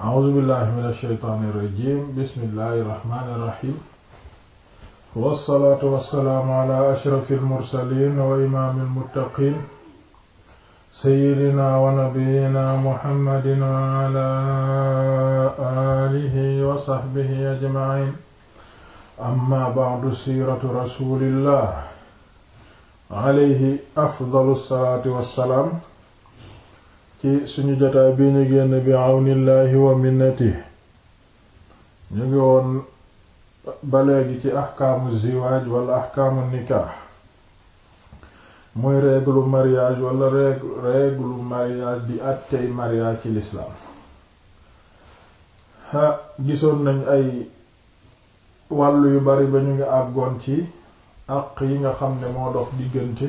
a'uuzu billahi mina shaytaani rajiim bismillahi rahmaani rahiim wassalaatu wassalaamu ala ashrafil mursaliin wa imaamil muttaqiin sayyidinaa wa nabiyyinaa muhammadin wa ala aalihi wa sahbihi ajma'iin amma ba'du siiratu rasuulillah alayhi afdalu salaatu wassalaam ci suñu jotaay bii ñu génn bi àwnillaahi wa minnati ñu ngi woon ba léegi ci axkaamu ziwaaj wala axkaamu nikaax muy règle mariage wala règle mariage bi àttey mariage ci lislaam ha gisoon nañ ay wàllu yu bari ba ñu ngi àggoon ci àq yi nga xam ne moo dox diggante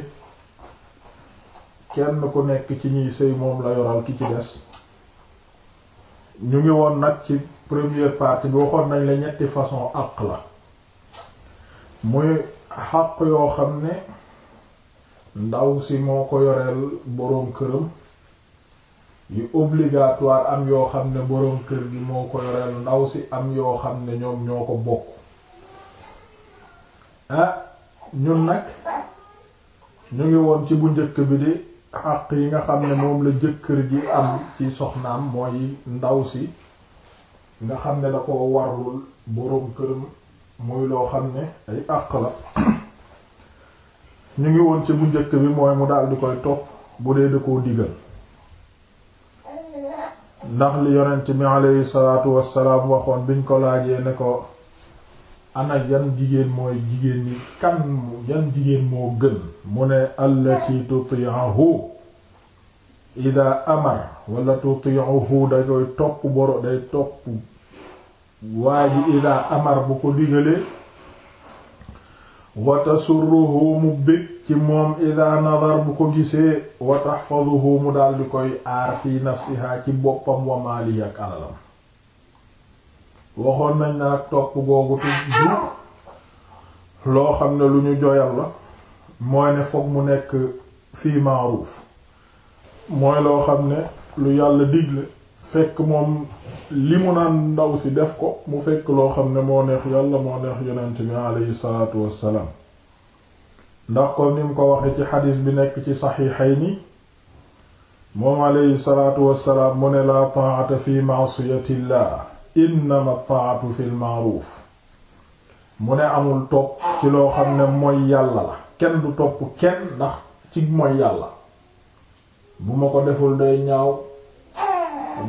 kenn ku nekk ci ñiy sëy moom la yoral ki ci des ñu ngi woon nag ci première partie bi waxoon nañ la ñetti façon àq la muy xaq yoo xam ne ndaw si moo ko yoreel boroom këram yu obligatoire am yoo xam ne boroom kër gi moo ko yoreel ndaw si am yoo xam ne ñoom ñoo ko bokk ah, ñun nag ñu ngi woon ci bu njëkk bi di xaq yi nga xam ne moom la kër gi am ci soxnaam mooy ndaw si nga xam ne da ko warul boroom këram muy loo xam ne ay àq la ñu ngi woon ci bu njëkk bi mooy mu daal di koy topp bu dee da koo digal ndax li yonent bi aleyhi salaatu wassalaam waxoon biñ ko laajee ne ko ana yan jigéen mooy jigéen ñi kan yan jigéen moo gën mu ne allati tuti'uhu ida amar wala tuti'uhu da koy topp boro day topp waa ji amar bu ko digalee wa tasurruhu mu bég ci moom ida nadar bu ko gisee wa tahfazuhu mu daal di koy aar fi nafsiha ci boppam wa maali ak alalam waxoon nañ na nag topp googu tu loo xam ne lu ñu joyal la mooy ne foog mu nekk fii maaruuf mooy loo xam ne lu yàlla digle fekk moom li mu naan ndaw si def ko mu fekk loo xam ne moo neex yàlla moo neex yonent bi aleyhi salaatu wassalaam ndax ko ni mu ko wax ci xadis bi nekk ci saxiixayni moom aleyhi salaatu wassalaam mu ne laa ta'ata fi ma'siyatillah ma taatu fil ma'ruf mu ne amul topp ci loo xam ne mooy yàlla la kenn du topp kenn ndax ci mooy yàlla bu ma ko deful day ñaaw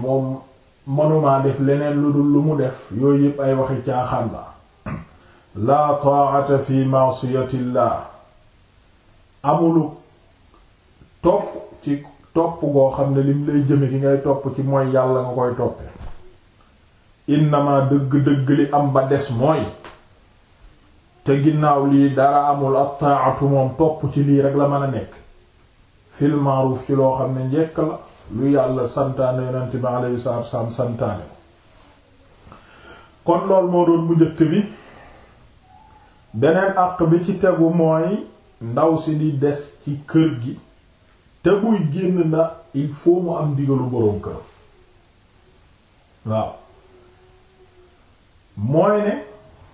moom manumaa def leneen lu dul lu mu def yooyu yëpp ay waxi caaxaan la laa taa'ata fi ma'siyatillah amulu topp ci topp goo xam ne lim lay jëme ki ngay topp ci mooy yàlla nga koy toppe innama dëgg-dëgg li am ba des mooy te ginnaaw lii dara amul at-ta'atu moom topp ci lii rek la mën a nekk fil ci loo xam ne njekk la lu yàlla santaane yonent bi alayhi salaatu wassalaam santaane kon lool moo doon bu njëkk bi beneen àq bi ci tegu mooy ndaw si di des ci kër gi te muy génn na il faut mu am digalu boroom kër waaw mooy ne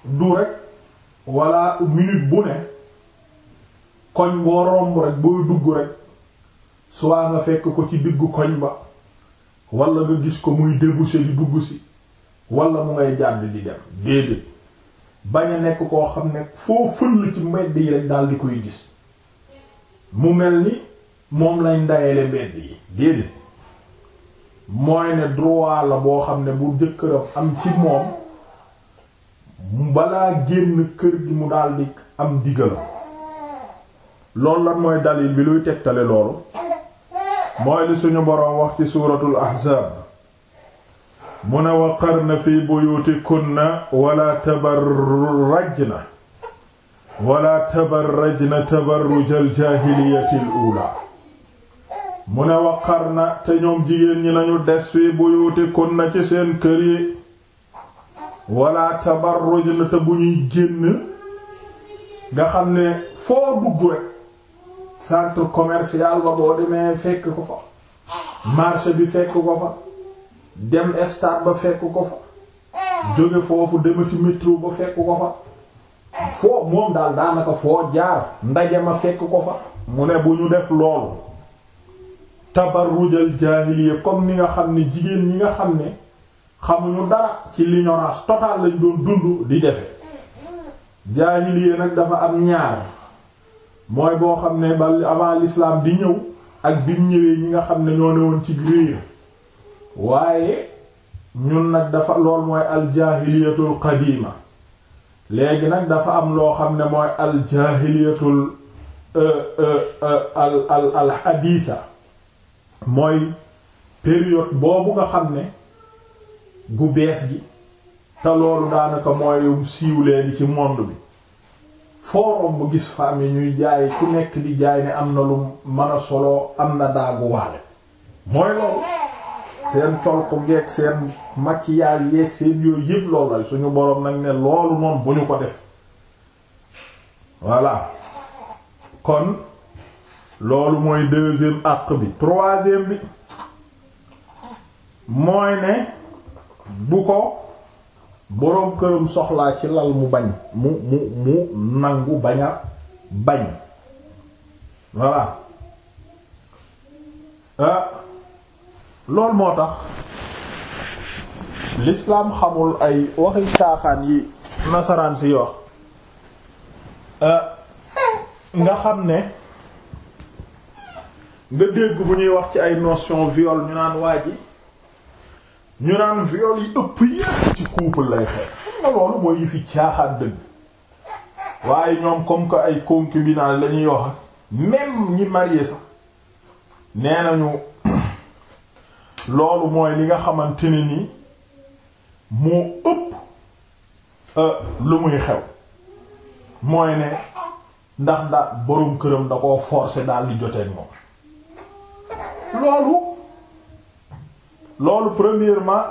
du rek walla minute bu ne koñ boo romb rek booy dugg rek soit nga fekk ko ci diggu koñ ba walla nga gis ko muy débouché di dugg si walla mu ngay jàdd di dem déedéet bañ a nekk koo xam ne foo fël ci mbedd yi rek di koy gis mu mel ni moom lañ ndayele mbedd yi déedéet mooy ne droit la boo xam ne bu jëkkëram am ci moom balaa génn kër gi mu daldi am digal loolu lan mooy dalil bi luy tegtale loolu mooy li suñu boroom wax ci suuratul ahzaab mu ne waqarna fi buyutikunna wala tabarrajna wala tabarrajna tabarrujal jaahiliyatil uulaa mu ne waqarna te ñoom jigéen ñi nañu des fi na ci seen kër yi wala tabarrujna te bu ñuy génn nga xam ne foo dugg rek centre commercial ba boo demee fekk ko fa marché bi fekk ko fa dem stade ba fekk ko fa jóge foofu demati métro ba fekk ko fa foo moom daal daanaka foo jaar ndaje ma fekk ko fa mu ne bu ñu def loolu tabarrujal yi comme ni nga xam ne jigéen ñi nga xam ne xamuñu dara ci l'ignorance totale lañ doon dund di defe jaahiliya nag dafa am ñaar mooy boo xam ne ba avant l'islam di ñëw ak bi mu ñëwee ñi nga xam ne ñoo ne woon ci réer waaye ñun nag dafa lool mooy aljahiliyatul qadima léegi nag dafa am loo xam ne mooy aljahiliyatul euh, euh, euh, al al al haditha mooy période boobu nga xam ne gu bees gi te loolu daanaka mooy siiw leen ci monde bi forum bu gis femme yi ñuy jaay ci nekk di jaay ne am na lu mën a solo am na daagu waale mooy loolu seen col ko geeg seen maquillage yeeg seen yooyu yëpp loolu suñu boroom nag ne loolu noonu bu ñu ko def voilà kon loolu mooy deuxième acte bi troisième bi mooy ne bu ko boroom këram soxlaa ci lal mu bañ mu mu mu nangu bañ a bañ voilà euh, loolu moo tax lislaam xamul ay waxi caaxaan yi nasaraan si wax euh, nga xam ne nga dégg bu ñuy wax ci ay notion viole ñu naan waa ji ñu naan viol yi ëpp yépp ci couple lay xew xam nga loolu mooy yëfi caaxaan dëgg waaye ñoom comme que ay concubinage lañuy wax même ñi marié sax nee nañu loolu mooy li nga xamante ne ni moo ëpp euh, lu muy xew mooy ne ndax da boroom këram da koo forcer daal di jotee moom loolu loolu premièrement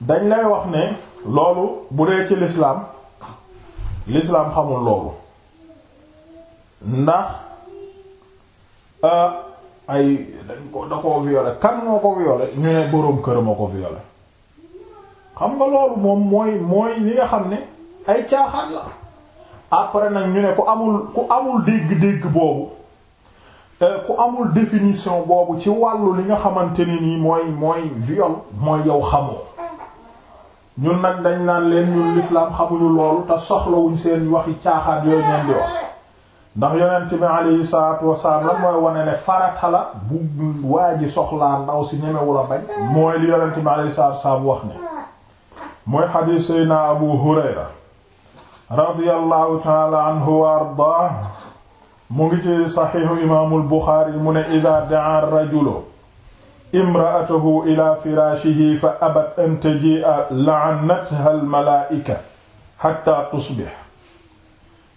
dañ lay wax ne loolu bu dee ci lislaam lislaam xamul loolu ndax euh, ay dañ ko da koo violé kan moo ko violé ñu ne boroom kër moo ko violé xam nga loolu moom mooy mooy li nga xam ne ay caaxaan la après nag ñu ne ku amul ku amul dégg-dégg boobu ku amul définition boobu ci wàllu li nga xamante ni nii mooy mooy viol mooy yow xamoo ñun nag dañ naan leen ñun l'islam xamuñu loolu te soxlawuñ seen waxi caaxaat yooyu neen wax ndax yonent bi alayhi salaatu wasalaam lan mooy wane ne farata bu waa ji soxlaa ndaw si ñemewul a bañ mooy li yonent bi alayhi salaatu wax ne mooy xadiis sayna Abu Hurayra radiyallahu ta'ala anhu wa mu ngi ci saxiixu imaamul buxaari mu ne ida daa rajulu imraatahu ila firaashihi fa abat an tajia la'annatha almalaaika xatta tusbix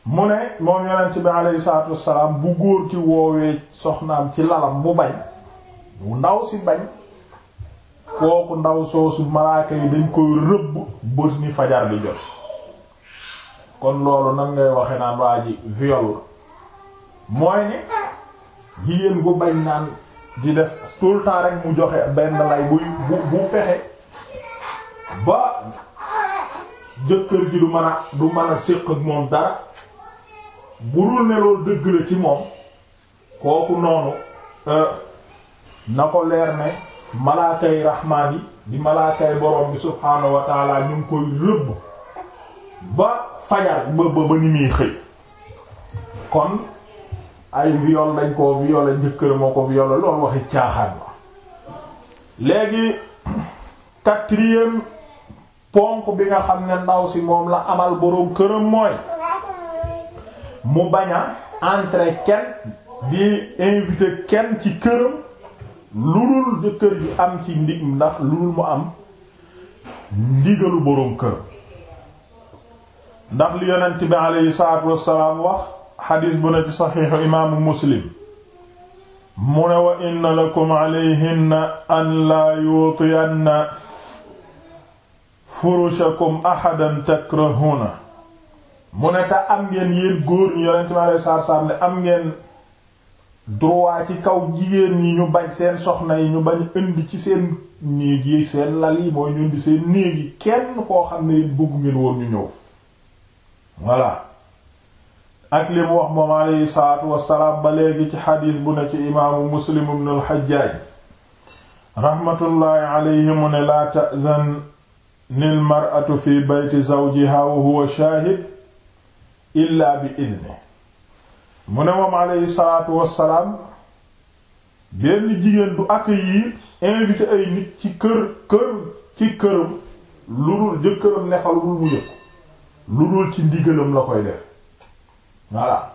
mu ne moom yonent bi aleyhi salaatu wassalaam bu góor ki woowee soxnaam ci lalam bu bañ bu ndaw si bañ kooku ndaw soosu malaaka yi dañ koy rëbb bët ni fajar bi jot kon loolu nan ngay waxe naan waa ji viol mooy ne jigéen gu bañ naan di def tout le mu joxe benn lay buy bu bu fexe ba jëkkër ji du mën a du mën séq ak moom dara bu dul ne dëgg la ci moom kooku noonu euh, na ko leer ne malaakay raxmaan yi di malaakay borom bi subhaanahu wa taala koy rëbb ba fajar ba ba ba xëy ay viol dañ koo violé njëkkër moo ko violé loolu waxi caaxaan la léegi quatrième ponk bi nga xam ne ndaw si moom la amal boroom këram mooy mu bañ a entrer kenn di inviter kenn ci këram lu dul jëkkër ji am ci ndig ndax lu dul mu am ndigalu boroom këram ndax li yonent bi alayhi salaatu wassalaam wax xadiis bu ne ci saxiixu imaamu muslim mu ne wa inna lakum alayhinna an laa yuutiyanna furushakum ahadan takrahuna mu ne ta am ngeen yéen góor ñi yonent mi alei saatu salaam am ngeen droit ci kaw jigéen ñi ñu bañ seen soxna yi ñu bañ indi ci seen néeg yi seen lal yi mooy ñu indi seen néeg kenn koo xam ne yéen bëgg ngeen woon ñu ñëw voilà ak li mu wax moom aleyhi salaatu wassalaam ba léegi ci xadiis bu ne ci imaamu muslim ibn al-Hajjaaj raxmatullaahi mu ne laa ta'zan nil mar'atu fi bayti zawjiha wa huwa shaahid illaa bi idni mu ne moom aleyhi salaatu wassalaam benn jigéen du accueillir invité ay nit ci kër kër ci këram lu dul jëkkëram nefal wul mu yëpp lu dul ci ndigalam la koy def voilà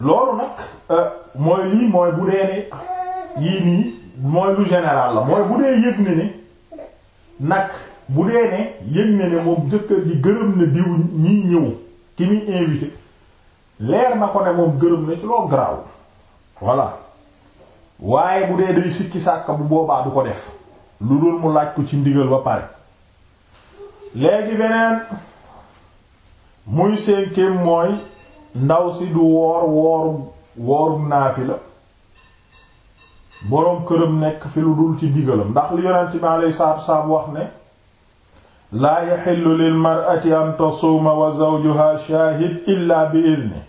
loolu nag euh, mooy lii mooy bu dee ne yii nii mooy lu général la mooy bu dee yëg ne ne nag bu dee ne yëg ne ne moom jëkkër ji gërëm na diw ñiy ñëw ki muy invité leer na ko ne moom gërëm na ci loo garaaw voilà waaye bu dee day sikki sàkk bu boobaa du ko def lu dul mu laaj ko ci ndigal ba pare léegi beneen muy cinquième mooy ndaw si du woor wooru woorum naafila boroom këram nekk fi lu dul ci digalam ndax li yonent bi alayhi salaatu wasalaam wax ne laa yaxillu lil mar'ati an tasuuma wa zawjuha shaahid illa bi idni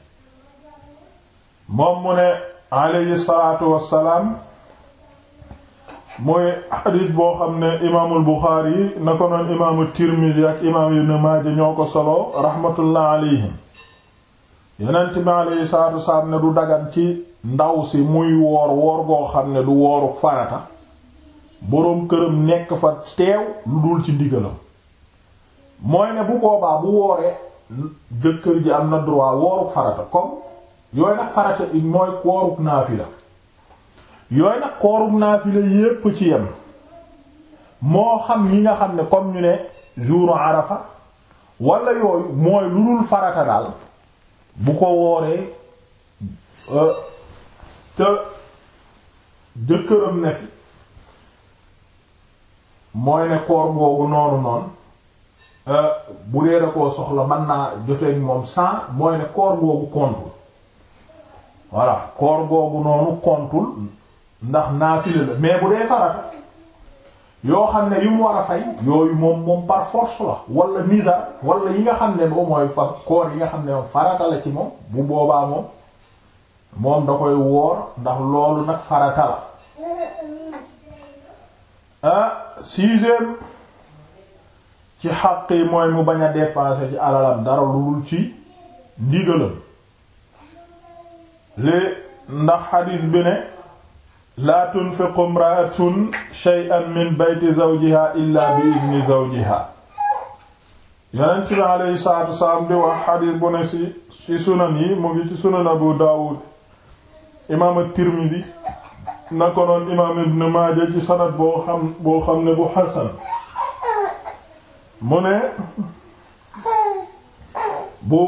moom mu ne alayhi salaatu wasalaam mooy xadiis boo xam ne imaamul Buxaari na ko noon imaamu Tirmidi ak imaam Ibn Maaja ñoo ko solo raxmatullah alayhim yonent bi yi salaatu wasalaam ne du dagan ci ndaw si muy woor woor goo xam ne du wooru farata boroom këram nekk fa teew lu dul ci ndigalam mooy ne bu boobaa bu wooree jëkkër gi am na droit wooru farata comme yooyu nag farata it mooy kooruk naafila yooyu nag kooruk naafila yépp ci yem moo xam ñi nga xam ne comme ñu ne jour arafa wala yooyu mooy lu dul farata daal bu ko wooree euh, te jëkkëram ne fi mooy ne koor googu noonu noonu euh, bu dee da koo soxla mën naa joteeg moom sans mooy ne koor googu kontul voilà koor googu noonu kontul ndax naafile la mais bu dee farata yoo xam ne yu mu war a fay yooyu moom moom par la wala nizar walla yi nga xam ne bo mooy fa koor yi nga xam ne moom farata la ci moom bu boobaa moom moom da koy woor ndax loolu nag farata la ah ci xàq yi mooy mu bañ a dépenser ci alalam dara lu dul ci ndigalam li ndax xadiis bi ne laa tunfiqu imra'atun shay'an min bayti zawjiha illa bi idni zawjiha yonent bi alayhi salaatu wasalaam di wax xadiis bu ne ci sunan yi mu ngi ci sunan abu daawud imaam tirmidi na ko noon imaam ibn maaja ci sanad boo xam boo xam ne bu xasan mu ne bu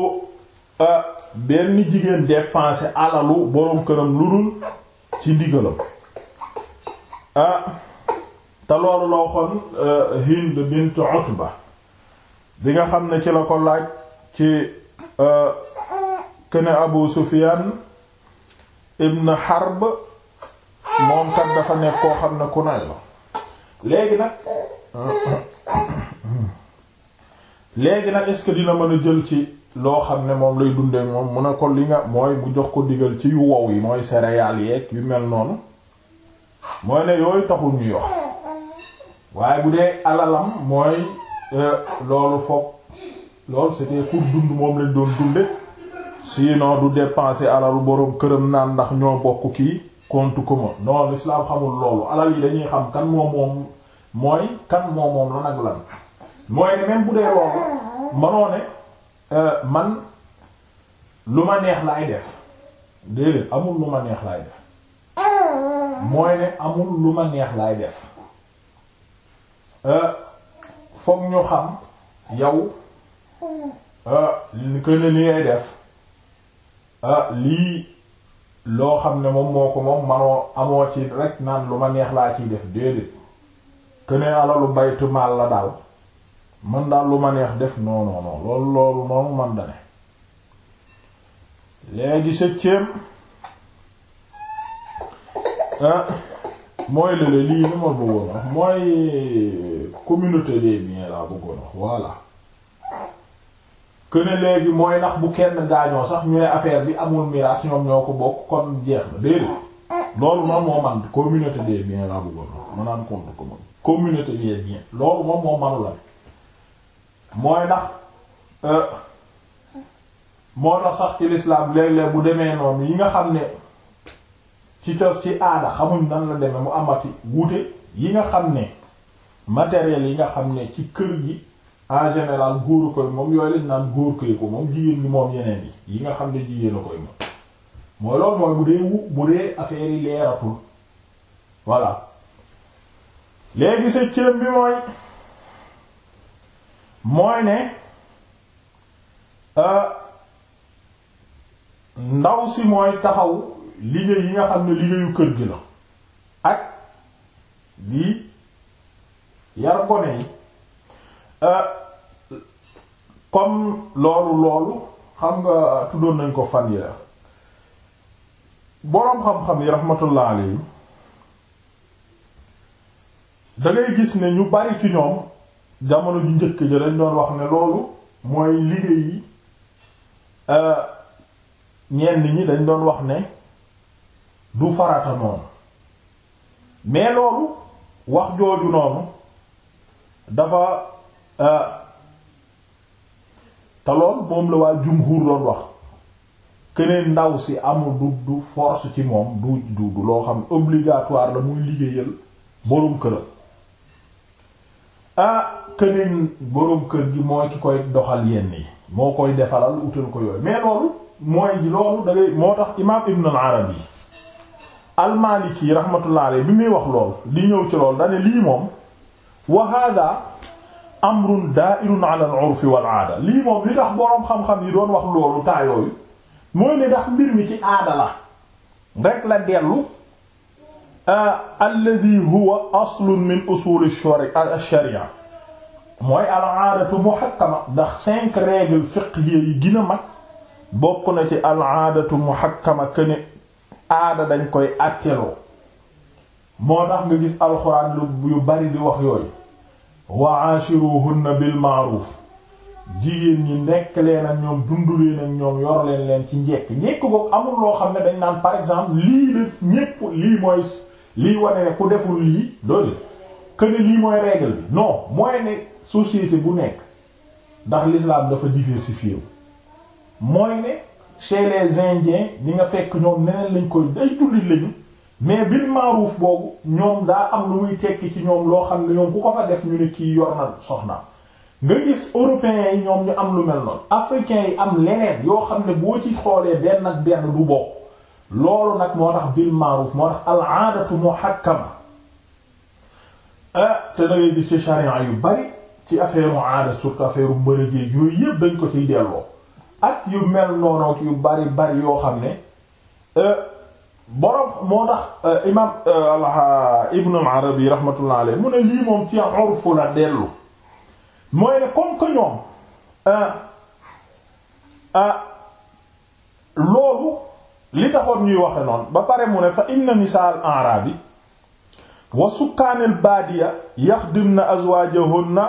ah, benn jigéen dépensé alalu boroom këram lu dul ci ndigalam ah te loolu la waxoon eh, Hind bint Utba di nga xam ne ci la ko laaj ci eh, kene Abu Sufyan ibn Harb moom kat dafa nekk koo xam ne ku nay la léegi nag léegi na est-ce dina mën a jël ci loo xam ne moom lay dundee moom mu ne ko li nga mooy bu jox ko digal ci yu wow yi mooy céréales yeeg yu mel noonu mooy ne yooyu taxul ñu yox waaye bu dee alalam mooy euh, loolu foog loolu c'était pour dund moom lañ doon dunde sinon du dépenser alalu boroom këram naan ndax ñoo bokk kii ko commun non l'islam xamul loolu alal yi dañuy xam kan moo moom mooy kan moom moom la nag lan mooy ne bu dee loolu mënoo Euh, man lu ma neex laay def déedéet amul lu ma neex laay def mooy ne amul lu ma neex laay def euh, foog ñu xam yow euh, que li ngay def lii loo xam ne moom moo ko moom manoo amoo ci rek naan lu ma neex laa ciy def déedéet que ne alalu baytu maal la daal man daal lu ma neex def non non non loolu loolu noonu man da ne léegi septième mooy lële lii ni ma bëggoon mooy communauté des biens laa bëggoon wax voilà que léegi mooy ndax bu kenn gaañoo sax ñu ne affaire bi amul miraas ñoom ñoo ko bokk kon jeex na déedéet loolu moom moo man communauté des biens laa bëggoon wax communauté des biens loolu moom moo manu la mooy ndax euh, moo tax sax ci lislaam léeg bu demee noonu yi nga xam ne ci tos ci aada xamuñ nan la demee mu amati wuute yi nga xam ne matériel yi nga xam ne ci kër gi en général góoru koy moom yooyu lañ naan góor koy moom jigéen bi moom yeneen yi yi nga xam ne jigéen a koy moom mooy loolu mooy bu dee wu bu dee affaire leeratul voilà léegi sa céem bi mooy mooy ne euh, ndaw si mooy taxaw liggéey yi nga xam ne liggéeyu kër gi la ak di yar gone yi euh, comme loolu loolu xam nga tuddoon nañ ko fan yee boroom xam-xam yi rahmatullah alayhi da gis ne ñu bari ci ñoom jamono ju njëkk ja dañ doon wax ne loolu mooy liggéey yi euh, ñenn ñi dañ doon wax ne du farata noonu mais loolu wax jooju noonu dafa euh, te lool moom la waa jumhur doon wax keneen ndaw si amul du du force ci moom du du du loo xam obligatoire la muy liggéeyal boroom këram ah kënin boroom kër gi mooy ki koy doxal yenn yi moo koy defaral utal ko yooyu mais loolu mooy loolu da ngay moo tax imaam Ibn al-Arabi al bi muy wax lool li ñëw ci lool dane lii moom wa hada amrun da'irun ala al-urf wal aada lii moom li tax boroom xam-xam yi doon wax loolu taayooyu mooy ne ndax mbir mi ci aada la rek la dellu Euh, alladi huwa aslun min usul ash-sharia al-aadatu muhakkama ndax cinq règles fiqhiyya yi gën mag bokk na ci al-aadatu muhakkama këne aada dañ koy àtteloo moo tax nga gis alxuraan yu bari di wax yooyu wa aashiruhunna bil ma'ruf jigéen ñi nekk leen ak ñoom dundu leen ak ñoom yor leen ci njekk njekk boobu amul loo xam ne dañ naan par exemple lii de ñépp lii mooy lii wane ne ku deful lii doole que ne lii mooy règle bi non mooy ne société bu nekk ndax l'islam dafa diversifié wu mooy ne chez les indiens ni nga fekk ñoom neneen lañ koy day jullit lañu mais bil maaruuf boobu ñoom daa am lu muy tekki ci ñoom loo xam ne ñoom ku ko fa def ñu ne kii yor na soxna nga gis européens yi ñoom ñu am lu mel noonu africains yi am leneen yoo xam ne boo ci xoolee benn ak benn du bokk. loolu nag moo tax bil ma'ruf moo tax al aadatu muhakkama ah te da ngay gis ci charia yu bari ci affaire mu aada surtout affaire mu yooyu yëpp dañ ko ciy delloo ak yu mel noonu yu bari bari yoo xam ne ah, borom moo tax ah, imaam ah, Ibn al-Arabi rahmatullah alayhi mu ne lii moom ci urfu la dellu mooy ne comme que ñoom loolu. li taxoon ñuy waxe noonu ba pare mu ne fa inna nisaal bi wa sukkaanil baadiya yaxdimna azwaajahunna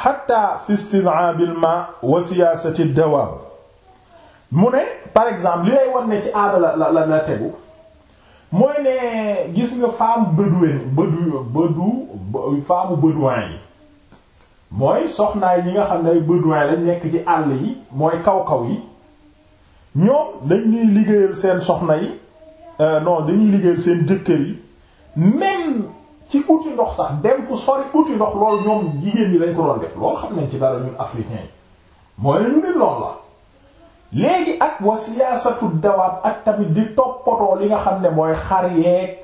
xatta fi istinaabil ma wa siyaasati dawaab mu ne par exemple li lay war ne ci aada la la la tegu mooy ne gis nga femme bédouin bédou bédou femme bédouin yi mooy soxnaay ñi nga xam ne ay bédouin lañ nekk ci àll yi mooy kaw kaw yi ñoom dañuy liggéeyal seen soxna yi euh, non dañuy liggéeyal seen jëkkër yi même ci uti ndox sax dem fu sori uti ndox loolu ñoom jigéen ñi dañ ko doon def loolu xam nañ ci dara ñu ne loolu la léegi ak wa siyaasatu dawaab ak tamit di toppatoo li nga xam ne mooy xar yeeg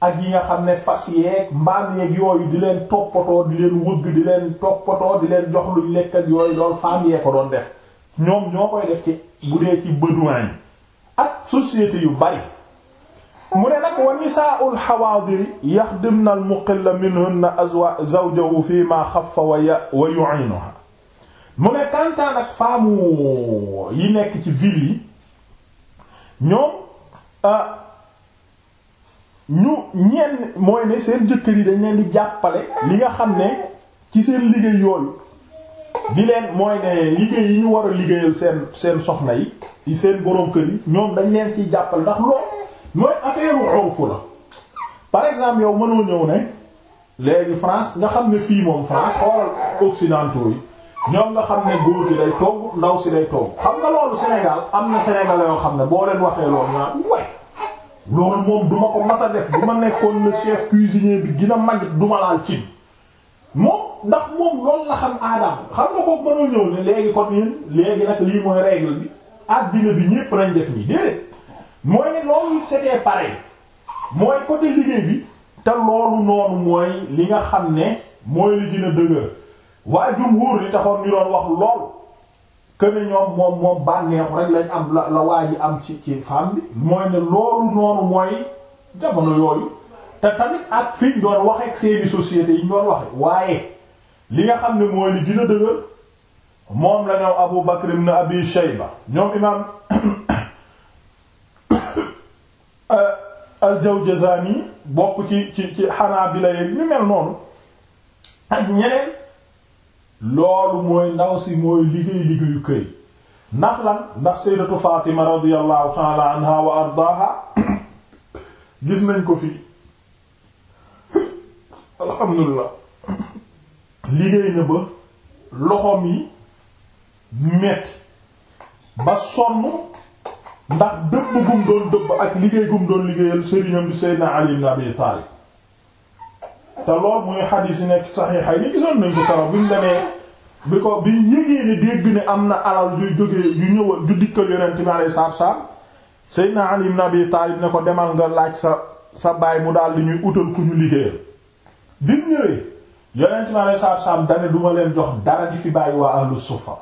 ak yi nga xam ne fas yeeg mbaam yeeg yooyu di leen toppatoo di leen wëgg di leen toppatoo di leen jox luñ lekk yooyu lool femme yee ko doon def ñoom ñoo koy def ci bu dee ci bédouin ak société yu bari mu ne nag wa nisaa'ul hawaadiri yaxdimna al muqilla minhunna azwa zawjahu fi ma xaffa wa wa yu'inuha mu ne kantaan ak faamu yi nekk ci ville yi ñoom euh, ñu ñenn mooy ne seen jëkkër yi dañ leen di jàppale li nga xam ne ci seen liggéey yooyu di leen mooy ne liggéey yi ñu war a liggéeyal seen seen soxna yi seen borom kër yi ñoom dañ leen ciy jàppal ndax lool mooy affaire urfu la par exemple yow mënoo ñëw ne léegi France nga xam ne fii moom France xoolal occidentaux yi ñoom nga xam ne góor gi day togg ndaw si day togg xam nga loolu Sénégal am na Sénégal yoo xam ne boo leen waxee loolu ñu naan moom duma ko mas a def bu ma nekkoon le chef cuisinier bi dina a mag duma laal cin moom ndax moom loolu la xam aadaam xam nga ko mënoo ñëw ne léegi kon yéen léegi nag lii mooy règle bi àddina bi ñépp nañ def nii déedéet mooy ne loolu c'était pareil mooy côté liggéey bi te loolu noonu mooy li nga xam ne mooy li dina dëgër waa jumhuur li taxoon ñu doon wax lool que ne ñoom moom moom bànneexu rek lañ am la la waa ji am ci ci femme bi mooy ne loolu noonu mooy jamono yooyu te tamit ak fi ñu doon ak seeni sociétés yi ñu doon waaye li nga xam ne mooy li gën a dëgër moom la Abu Bakr ibn Abi Shayba ñoom imaam euh, al bokk ci ci ci Hanabila yi ñu mel noonu ak ñeneen loolu mooy ndaw si mooy liggéey liggéeyu kër yi ndax lan ndax sayyidatu Fatima radiyallahu ta'ala wa ardaaha gis nañ ko fii alhamdulilah liggéey na ba loxoom yi metti ba sonn ndax dëbb gum doon dëbb ak liggéey gum doon liggéeyal sëriñam bi Seydina Ali ibn Taalib te lool muy xadiis yi nekk saxiixay ni gisoon nañ ko taw bi mu demee bi ko bi yégee ne dégg ne am na alal juy jógee yu ñëwal ju dikkal yonent bi alayhi salaatu salaam Seydina Ali ibn Abi Taalib ne ko demal nga laaj sa sa baay mu daal di ñuy utal ku ñu liggéeyal bi mu ñëwee yonent mi aleyhi salaatu salaam dane duma leen jox dara di fi bàyyi waa ahlu suffa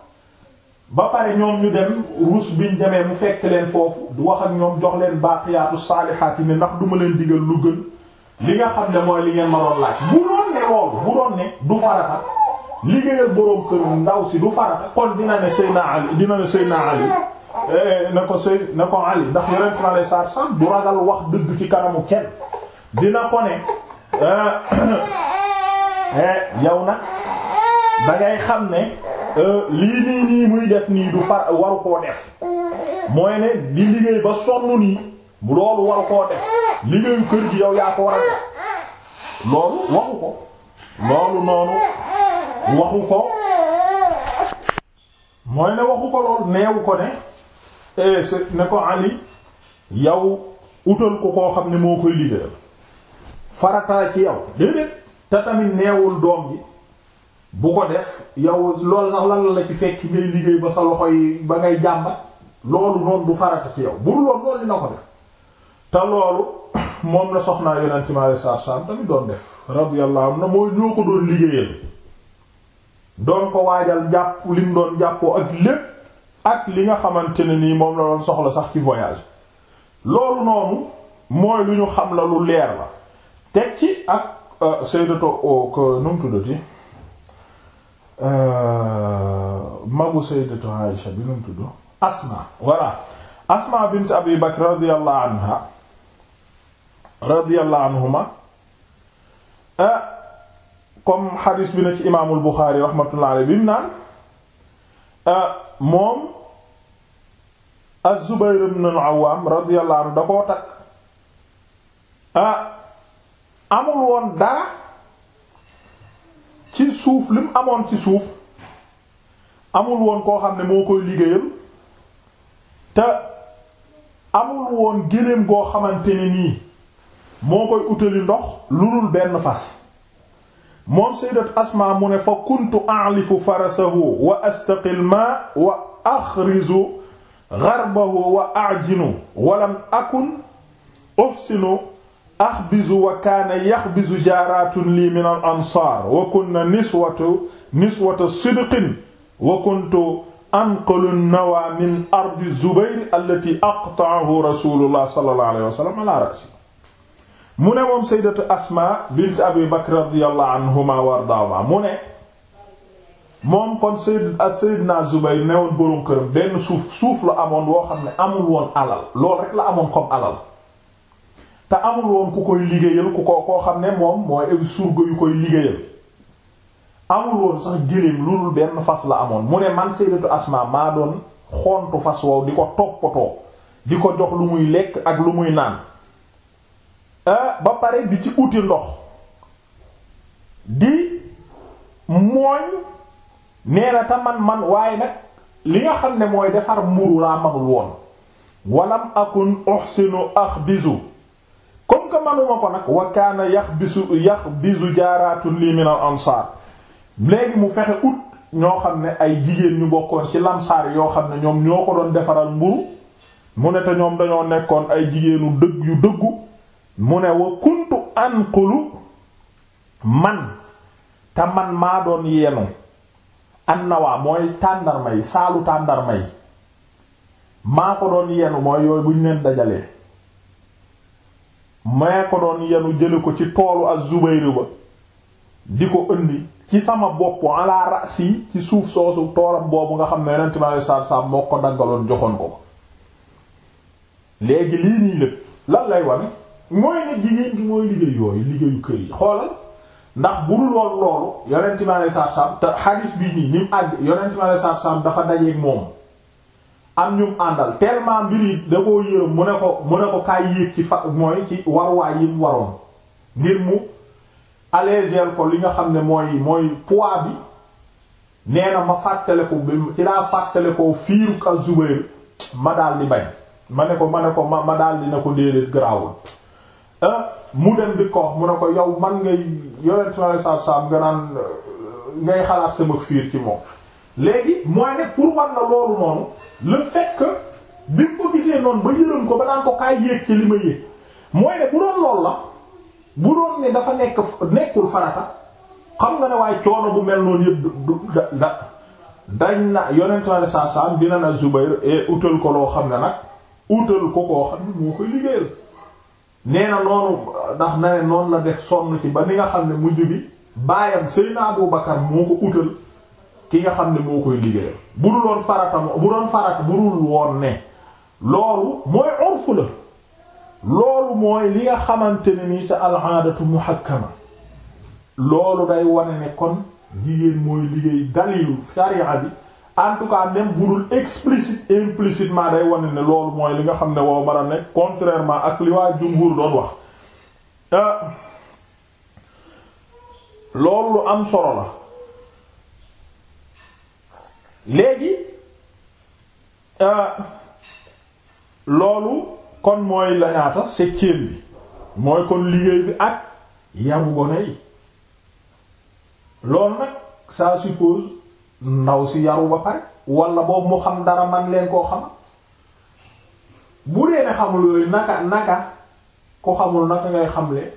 ba pare ñoom ñu dem ruus biñ demee mu fekk leen foofu du wax ñoom jox leen baaqiyaatu saalihaat yi ne ndax duma leen digal lu gën li nga xam ne mooy li ngeen ma doon laaj bu doon ne loolu bu doon ne du farata liggéeyal boroom kër ndaw si du farata kon dina ne Seyna Ali dina ne Seyna Ali eh, na ko Sey na ko Ali ndax yonent mi aleyhi salaatu salaam du ragal wax dëgg ci kanamu kenn dina ko Ah. Eh, yow nag dangay xam ne euh, lii nii nii muy def nii du far waru koo def mooy ne di liggéey ba sonn nii loolu waru koo def liggéeyu kër gi yow yaa ko war a def loolu waxu ko loolu noonu waxu ko mooy ne waxu ko loolu neewu ko ne eh, ne ko Ali yow utal ko koo xam ne moo koy liggéeyal farata ci yow déedéet te tamit neewul doom ji bu ko def yow loolu sax lan la ci fekk ngay liggéey ba sa loxo yi ba ngay jàmbat loolu noonu du farata ci yow bu dul woon loolu dina ko def te loolu moom la soxnaa yonent mi alayhi salaatu salaam tamit doon def radiyallahu anhu mooy ñoo ko doon liggéeyal doon ko waajal jàpp li mu doon jàppoo ak lépp ak li nga xamante ne nii moom la doon soxla sax ci voyage loolu noonu mooy lu ñu xam la lu leer la teg ci ak euh, sayyidatu oh, ko euh, magu sayyidatu Aisha bi nu mu Asma voilà Asma bint Abi Bakr radiyallahu anha radiyallahu anhuma euh, comme xadis bi na ci imaamul Buxaari rahmatullahi alayhi moom Az-Zubayr ibn al-Awwam anhu da koo amul woon dara ci suuf li mu amoon ci suuf amul woon koo xam ne moo koy liggéeyal te amul woon géléem goo xamante ni nii moo koy utali ndox lu dul benn fas moom sayyidat asma mu ne fa kuntu a'lifu farasahu wa astaqil ma wa axrizu gharbahu wa ajinu walam akun uhsinu axbizu wa kaana yaxbizu jaaraatun lii min al wa kunna niswatu niswata sidqin wa kuntu anqalu nawa min ardi zubayr allati aqta'ahu rasulullah sallallahu alayhi wa mu ne moom sayyidatu asma bint abi bakr radiyallahu anhuma wa ardaahuma mu ne moom kon sayyid sayyidna zubayr newoon boroom këram benn suuf suuf la amoon woo xam ne amul woon alal loolu rek la amoon comme alal te amul woon ku koy liggéeyal ku ko koo xam ne moom mooy ay surga yu koy liggéeyal amul woon sax géléem lu dul benn fas la amoon mu ne man sayyidatu Asma maa doon xontu fas wow di ko toppatoo di ko jox lu muy lekk ak lu muy naan ah, ba pare di ci uti ndox di mooñ nee na ta man waaye nag li nga xam ne mooy defar mburu laa magul woon walam akun uhsinu akhbizu comme que manuma ko nag wa kaana yax bisu yax bisu jaaraatun lii min al léegi mu fexe ut ñoo xam ne ay jigéen ñu bokkoon ci lamsaar yoo xam ne ñoom ñoo ko doon defaral mburu mu ne te ñoom dañoo nekkoon ay jigéenu dëgg yu dëggu mu ne wa kuntu anqulu man te man maa doon yeenu annawaa mooy tàndarma yi saalu tàndarma yi maa ko doon yeenu mooy yooyu bu ñu leen dajalee maa ko doon yenu jële ko ci toolu az-Zubayr ba di ko indi ci sama bopp ala si ci suuf soosu toolam boobu nga xam ne yonent bi alei satu salaam moo ko daggaloon joxoon ko léegi lii nii lépp lan lay wan mooy ne jigéen gi mooy liggéey yooyu liggéeyu kër yi xoolal ndax bu dul woon loolu yonent bi alei satu salaam te hadith bii nii ni àgg yonent bi alei satu salaam dafa dajeeg moom am ñum àndal tellement mbir yi da koo yërëm mu ne ko mu ne ko kaay yéeg ci fa mooy ci waruwaay yi mu waroon ngir mu alléger ko li nga xam ne mooy mooy poids bi nee na ma fàttale ko bi ci laa fàttale ko fiiru ak Zubayr ma daal di bañ ma ne ko ma ne ko ma ma daal di ne ko déedéet garaawul euh, mu dem di ko mu ne ko yow man ngay yonent sallallahu alayhi wasallam nga naan euh, ngay xalaat sama fiir ci moom léegi mooy ne pour war na loolu noonu le fait que bi mu ko gisee noonu ba yërëm ko ba daan ko kaay yéeg ci li ma yéeg mooy ne bu doon loolu la bu doon ne dafa nekk nekkul farata xam nga ne waaye coono bu mel noonu yëpp du da dañ na yonentu Yàlla saa saa dina na Zubayr et utal ko loo xam ne nag utal ko koo xam ne moo koy liggéeyal nee na noonu ndax na ne noonu la def sonn ci ba ni nga xam ne mujj bi baayam Seydina Abu Bakar moo ko utal. ki nga xam ne moo koy liggéeyal bu dul woon farata bu dul woon ne loolu mooy urfu la loolu mooy li nga xamante ne mii ca al-aadatu muhakkama loolu day wane ne kon jigéen mooy liggéey dalilu sharia bi en tout cas même bu dul explicite implicitement day wane ne loolu mooy li nga xam ne woo mën a nekk contrairement ak li waa jumhur doon wax euh, loolu lu am solo la léegi euh, loolu kon mooy la ñaata bi mooy kon liggéey bi ak yabu gone yi loolu nag ça suppose ndaw si yaru ba pare boobu mu xam dara man leen koo xam bu dee ne xamul yooyu naka naka ko xamul naka ngay xamle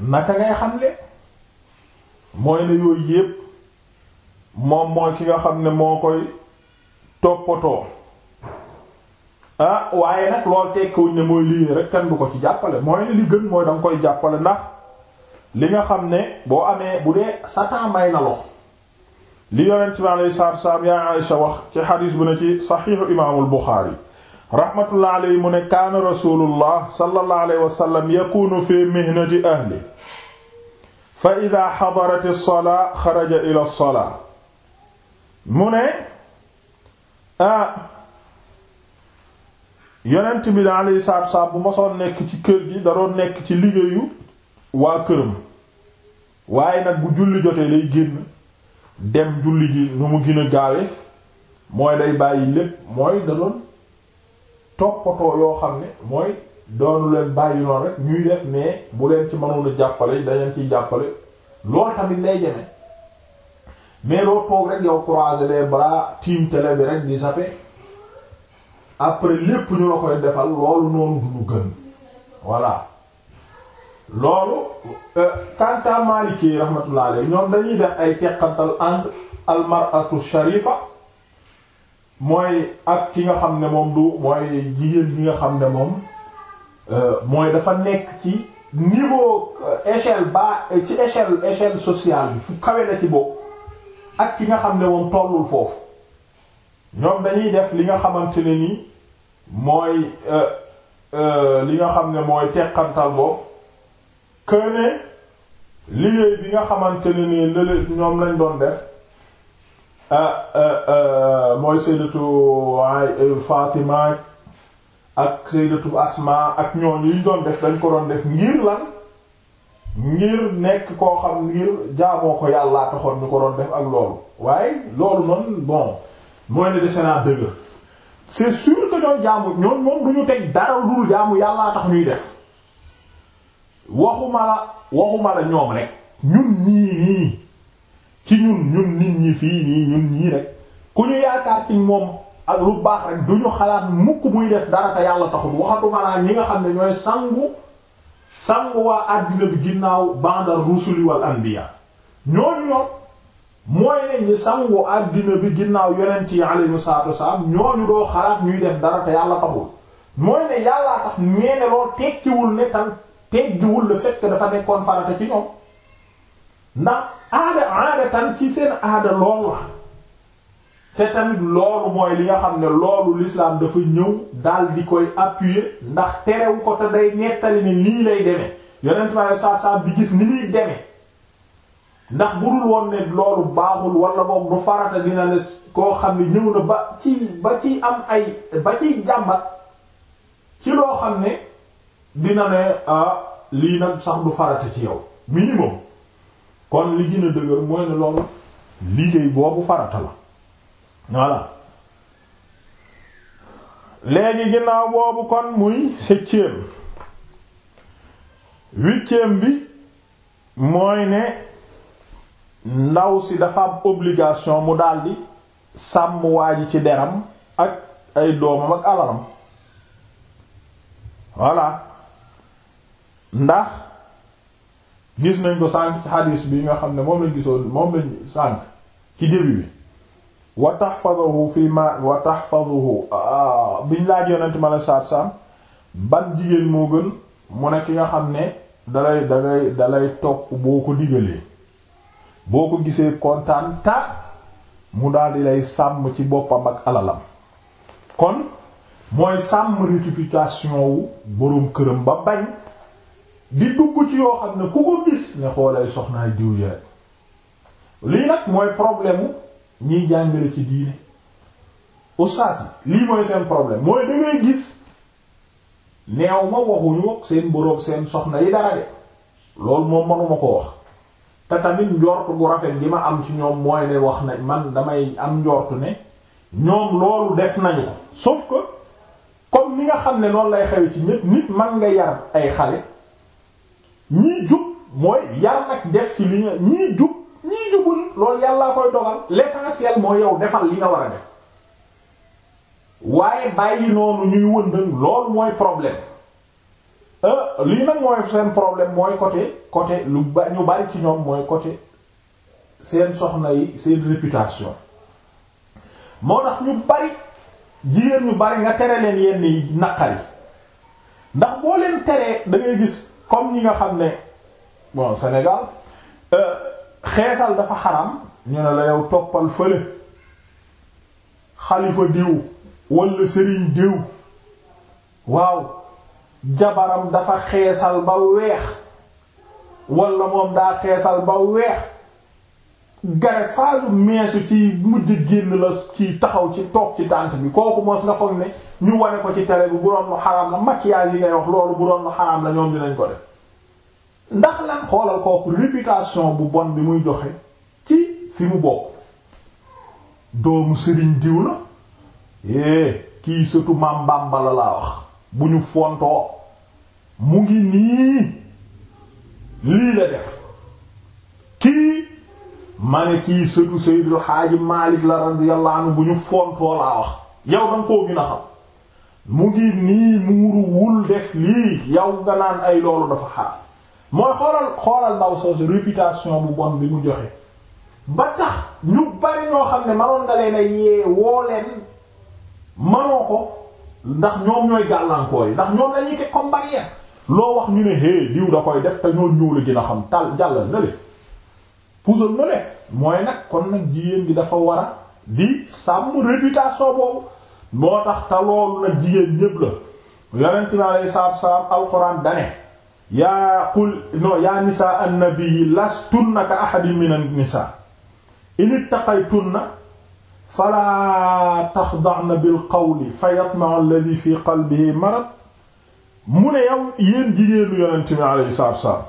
naka ngay xamle mooy ne yooyu yépp moom mooy ki nga xam ne moo koy toppatoo ah waaye nag lool tekkiwuñ ne mooy lii rek kenn ko ci jàppale mooy li gën mooy danga koy jàppale ndax li nga xam ne boo amee bu dee satan may na lox li yonent bi alayhi salaatu wasalaam yaa Aysa wax ci xadiis bu ne ci saxiixu imaamul Buxaari rahmatullah mu ne kaana rasulullah sallallahu alayhi wasallam yakunu fi mihnati ahli fa ida xadarat as-salaa xaraja ila mu ne ah yonent bi da alayhi salaatu wassalaam bu mosoon nekk ci kër gi da nekk ci liggéeyu waa këram waaye nag bu julli jotee day génn dem julli ji nu mu gën a gaawe mooy day bàyyi lépp mooy da doon toppatoo yoo xam ne mooy doonu leen bàyyi noonu rek ñuy def mais bu leen ci mënoon a jàppale dañeen ciy jàppale loolu tamit lay jeme mais loo toog rek yow croiser les bras tiim télé bi rek di zappe après lépp ñu la koy defal loolu noonu du lu gën voilà loolu kanta euh, Maliki rahmatullah alayhi ñoom dañuy def ay teqantal entre almaratu sharifa mooy ak ki nga xam ne moom du mooy jigéen bi nga xam ne moom euh, mooy dafa nekk ci niveau euh, échelle bas ci échelle échelle social bi fu kawe la ci bopp ak ki nga xam ne moom tollul foofu ñoom dañuy def li nga xamante ne nii mooy euh, euh, li nga xam ne mooy teqantal boobu këne liggéey bi nga xamante ne nii lële ñoom lañ doon def euh, mooy sayyidatu Fatima ak sayyidatu Asma ak ñoom yi doon def dañ ko doon def ngir lan ngir nekk koo xam ngir jaamoo ko yàllaa taxoon ñu ko doon def ak loolu waaye loolu noonu bon mooy ne dese naa dëgg c'est sûr que ñoom jaamu ñoom moom du ñu teg dara dul jaamu yàllaa tax ñuy def waxuma la waxuma la ñoom rek ñun ñii nii ci ñun ñun nit ñi fii nii ñun ñii rek ku ñu yaakaar ci moom ak lu baax rek du ñu xalaat mukk muy def dara te yàlla taxul waxatuma la ñi nga xam ne ñooy sangu. sangu waa àddina bi ginnaaw banda rusuli wal anbiya ñooñu ñoom mooy ne ñi sangu àddina bi ginnaaw yonent yi alayhi salaatu wasalaam ñooñu doo xalaat ñuy def dara te yàlla taxul mooy ne yàllaa tax nee ne lool tekkiwul ne tan teggiwul le fait que dafa nekkoon farata ci ñoom ndax aada aada tan ci seen aada lool la te tamit loolu mooy li nga xam ne loolu l'islam dafa ñëw daal di koy appuyer ndax terewu ko te day nettali ni nii lay demee yonent ma ne bi gis ni muy demee ndax bu dul woon ne loolu baaxul wala boog du farata dina ne koo xam ne ñëw na ba ci ba ci am ay ba ciy jàmbat ci loo xam ne dina ne ah, lii nag sax du farata ci yow minimum kon li gën dëgër mooy ne loolu liggéey boobu farata la voilà léegi ginnaaw boobu kon muy septième huitième bi mooy ne ndaw si dafa am obligation mu daldi sàmm waa ji ci deram ak ay doomam ak alalam voilà ndax gis nañ ko sànq ci hadis bi nga xam ne moom la gisoon moom lañ sànq ci début bi wa tahfazuhu fii ma wa tahfazuhu ah, biñ laaj yonent ma la saar saam ban jigéen moo gën mu ne ki nga xam ne dalay dalay dalay topp boo ko digalee boo ko gisee kontaan ta mu daldi lay sàmm ci boppam ak alalam kon mooy sàmm réputation wu boroom këram ba bañ di dugg ci yoo xam ne ku ko gis ne xoolay soxnaay diw yi lii nag mooy problème ñiy jàngale ci diine ustaas yi lii mooy seen problème mooy da gis neew ma waxuñu seen boroom seen soxna yi dara de loolu moom manuma ko wax te tamit njort gu rafet gi ma am ci ñoom mooy ne wax nañ man damay am njort ne ñoom loolu def nañu ko sauf que comme ni nga xam ne noonu lay xew ci ñépp nit man nga yar ay xale ñii jub mooy yar nag def ci li nga ñii jub loolu yàllaa koy dogal l'essentiel mooy yow defal li nga war a def waaye bàyyi noonu ñuy wëndëng loolu mooy problème euh, lii nag mooy seen problème mooy côté côté lu ba ñu bari ci ñoom mooy côté seen soxna yi seen réputation moo tax ñu bari jigéen ñu bari nga tere leen yenn yi naqari ndax boo leen teree da gis comme ñi nga xam ne bon Sénégal. Euh, xeesal dafa xaram ñu ne la yow toppal fële xalifa diw walla sëriñ diw waaw jabaram dafa xeesal ba weex walla moom daa xeesal ba weex gare faalu meesu ci mujj génn la ci taxaw ci toog ci tànk bi kooku mos nga foog ne ñu wane ko ci télé bi bu doon lu xaram la maquillage yi ngay wax loolu bu doon lu xaram la ñoom dinañ ko def ndax lan xoolal kooku réputation bu bon bi muy joxe ci fi mu bokk doomu sëriñ diw la é eh, kii sëtu maam Bàmba la laa wax bu ñu fontoo mu ngi nii lii la def kii ma ne kii sëtu Seydul Xaaji Maalik la radiyallahu anhu bu ñu fontoo laa wax yow danga koo gën a xam mu ngi nii muuru wul def lii yow nga naan ay loolu dafa xaar mooy xoolal xoolal ndaw soosu réputation bu bon bi mu joxe ba tax ñu bari ñoo xam ne manoon nga leen a yee woo leen manoo ko ndax ñoom ñooy gàllankoor yi ndax ñoom lañuy teg comme barrière loo wax ñu ne hé diw da koy def te ñoo ñëw la xam tal jàllal na le puusal na le mooy nag kon nag jigéen bi dafa war a di sàmm réputation boobu moo tax te loolu nag jigéen ñépp la yonent bi alayhi salaatu wa salaam alxuraan dane yaa qul no yaa nisaa annabii lastunna ka ahadin min an-nisaa in ittaqaytunna falaa taxda'na bil qawli fa yatma'a alladhi fi qalbihi marad mu ne yow yéen jigéenu yonent bi alayhi salaatu wassalaam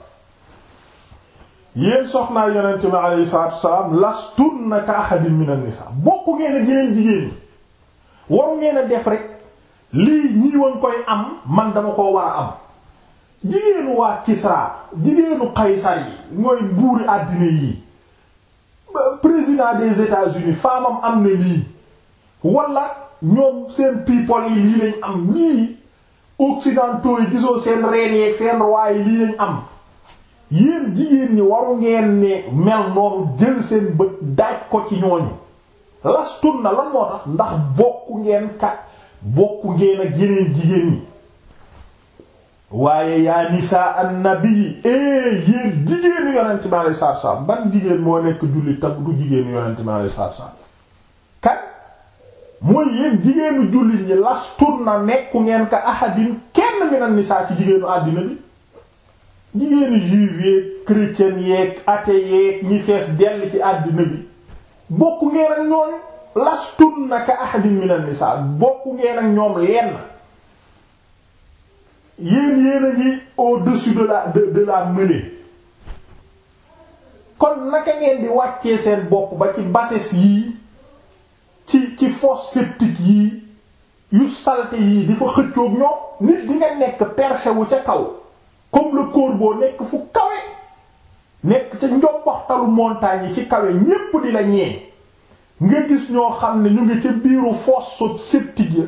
yéen soxnaa yonent bi alayhi salaatu wassalaam lastunna ka ahadin min an-nisaa bokku ngeen ak yeneen jigéen ñi waru ngeen a def rek lii ñii woon koy am man dama koo war a am. jigéenu waa Kisra jigéenu Qaysar yi mooy buuri àddina yi président des États-Unis faamam am na lii wala ñoom seen people yi lii lañ am ñii occidentaux yi gisoo seen reen yeeg seen roi yi lii lañ am yéen jigéen ñi waru ngeen ne mel noonu jël seen bët daaj ko ci ñooñu las na lan moo tax ndax bokku ngeen kat bokku ngeen ak yeneen jigéen ñi waaye yaa nisaa annabi eh yéen jigéenu yonent mi alayhi salaatu salaam ban jigéen moo nekk jullit te du jigéenu yonent mi alayhi salaatu salaam kan mooy yéen jigéenu jullit ñi lastun na nekku ngeen ka ahadin kenn minan nisaa ci jigéenu àddina bi jigéenu juif yeeg chrétien yeeg athée yeeg ñi fees dell ci àddina bi bokku ngeen ak ñoom lastun na ka ahadin minan nisaa bokku ngeen ak ñoom lenn. yéen yéen a ngi au-dessus de la de de la kon naka ngeen di wàccee seen bokk ba ci bassesse yii ci ci fosse septique yii yu salte yii di fa xëccoog ñoo nit di nga nekk perché wu ca kaw comme le corbeau nekk fu kawe nekk ca njomboxtalu montagne yi ci kawe ñépp di la ñee nga gis ñoo xam ne ñu ngi ca biiru fosse septique ya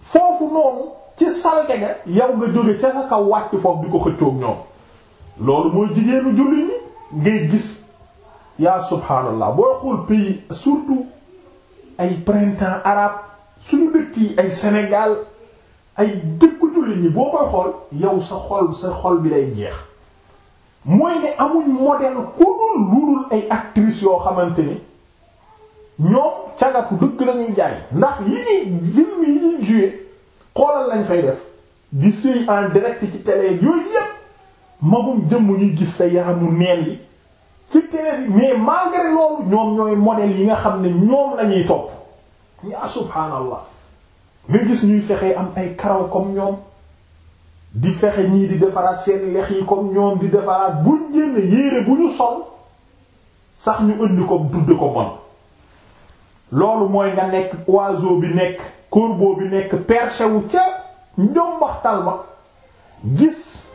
foofu noonu ci salte ga yow nga jóge ca sa kaw wàcc foofu di ko xëccoog ñoom loolu mooy jigéenu jullit ñi ngay gis yaa subhaanallah boo xool pays surtout ay printemps arabe suñu dëkk yi ay Sénégal ay dëkku jullit ñi boo koy xool yow sa xol sa xol bi lay jeex mooy ne amuñ modèle ku dul ludul ay actrices yoo xamante ni ñoom cagatu dëkk lañuy jaay ndax yi ñuy film yi ñuy jouer xoolal lañ fay def di sëy en direct ci télé yooyu yépp magum jëmm ñuy gis sa yaramu neen yi ci télé bi mais loolu ñoom ñooy modèle yi nga xam ne ñoom lañuy topp yaa subhaanallah nga gis ñuy fexe am ay karaw comme ñoom di fexe ñii di defaraat seen lex yi comme ñoom di defaraat buñ génne yéere bu ñu sol sax ñu indi ko dudd ko bon loolu mooy nga nekk oiseau bi nekk corbeau bi nekk perché wu ca njombaxtal ba gis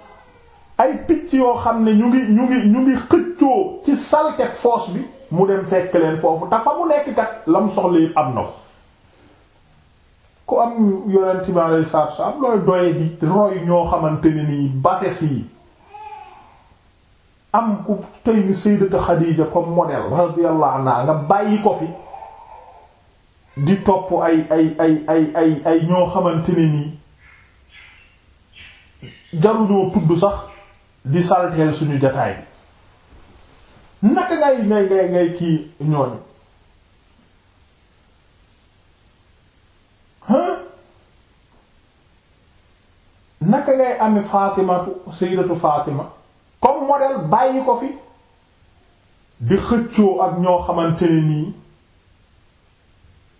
ay picc yoo xam ne ñu ngi ñu ngi ñu ngi xëccoo ci salteg foos bi mu dem fekk leen foofu te fa mu nekk kat la mu soxla yëpp am na ko ku am yonent bi alayhi salaatu wassalaam ñoo xamante ne nii bases yi am ku tey ni Sayyidatu Xadiija comme modèle radiyallahu anha nga bàyyi ko fi di topp ay ay ay ay ñoo xamante ne nii jaruñoo tudd sax di salteel suñu jataay bi naka ngay ngay ngay ngay kii ñooñu naka ngay ame Fatimatu sayyidatu Fatima comme modèle bàyyi ko fi di xëccoo ak ñoo xamante ne nii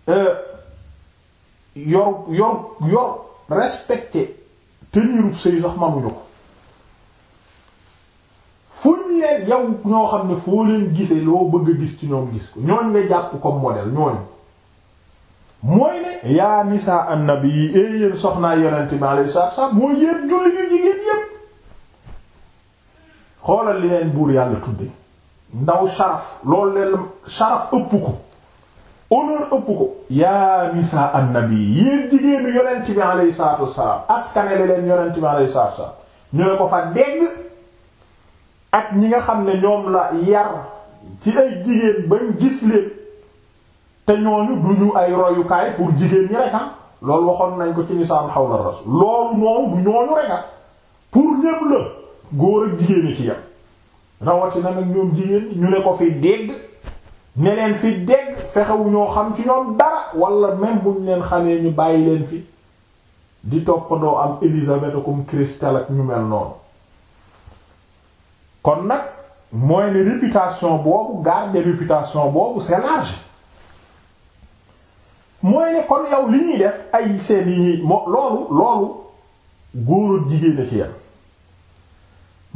Euh, yor yor yor respecté tenirub sëy sax manuñu ko fuñ leen yow ñoo xam ne foo leen gisee loo bëgg a gis ci ñoom gis ko ñooñ nga jàpp comme modèle ñooñu mooy ne yaa nisa annabi yi e yéen soxnaa yonente bi alayhi salaatu salaam mooy yéen julli ñu jigéen yépp xoolal leen buur yàlla tudde ndaw sharaf loolu leen sharaf ëpp ko honneur ëpp ko yaa nisa annabi yéen jigéenu yonent bi alayhi salaatu wassalaam askanele leen yonent bi alayhi salaatu ñu ne ko fa dégg ak ñi nga xam ne ñoom la yar ci ay jigéen bañ gis leen te ñooñu ñu ay royukaay pour jigéen ñi rek ah. loolu waxoon nañ ko ci nisaan xawla rasul loolu noonu du ñooñu rek ah. pour ñëpp la góor ak jigéen ci yam rawatina nag ñoom jigéen ñu ne ko fi dégg ne leen fi dégg fexewu ñoo xam ci ñoom dara wala même buñ leen xamee ñu bàyyi leen fi di toppandoo am Élisabeth comme cristal ak ñu mel noonu kon nag mooy ne réputation boobu garder réputation boobu c'est large mooy ne kon yow li ñuy def ay seen yi moo loolu loolu góor jigéen a ci yam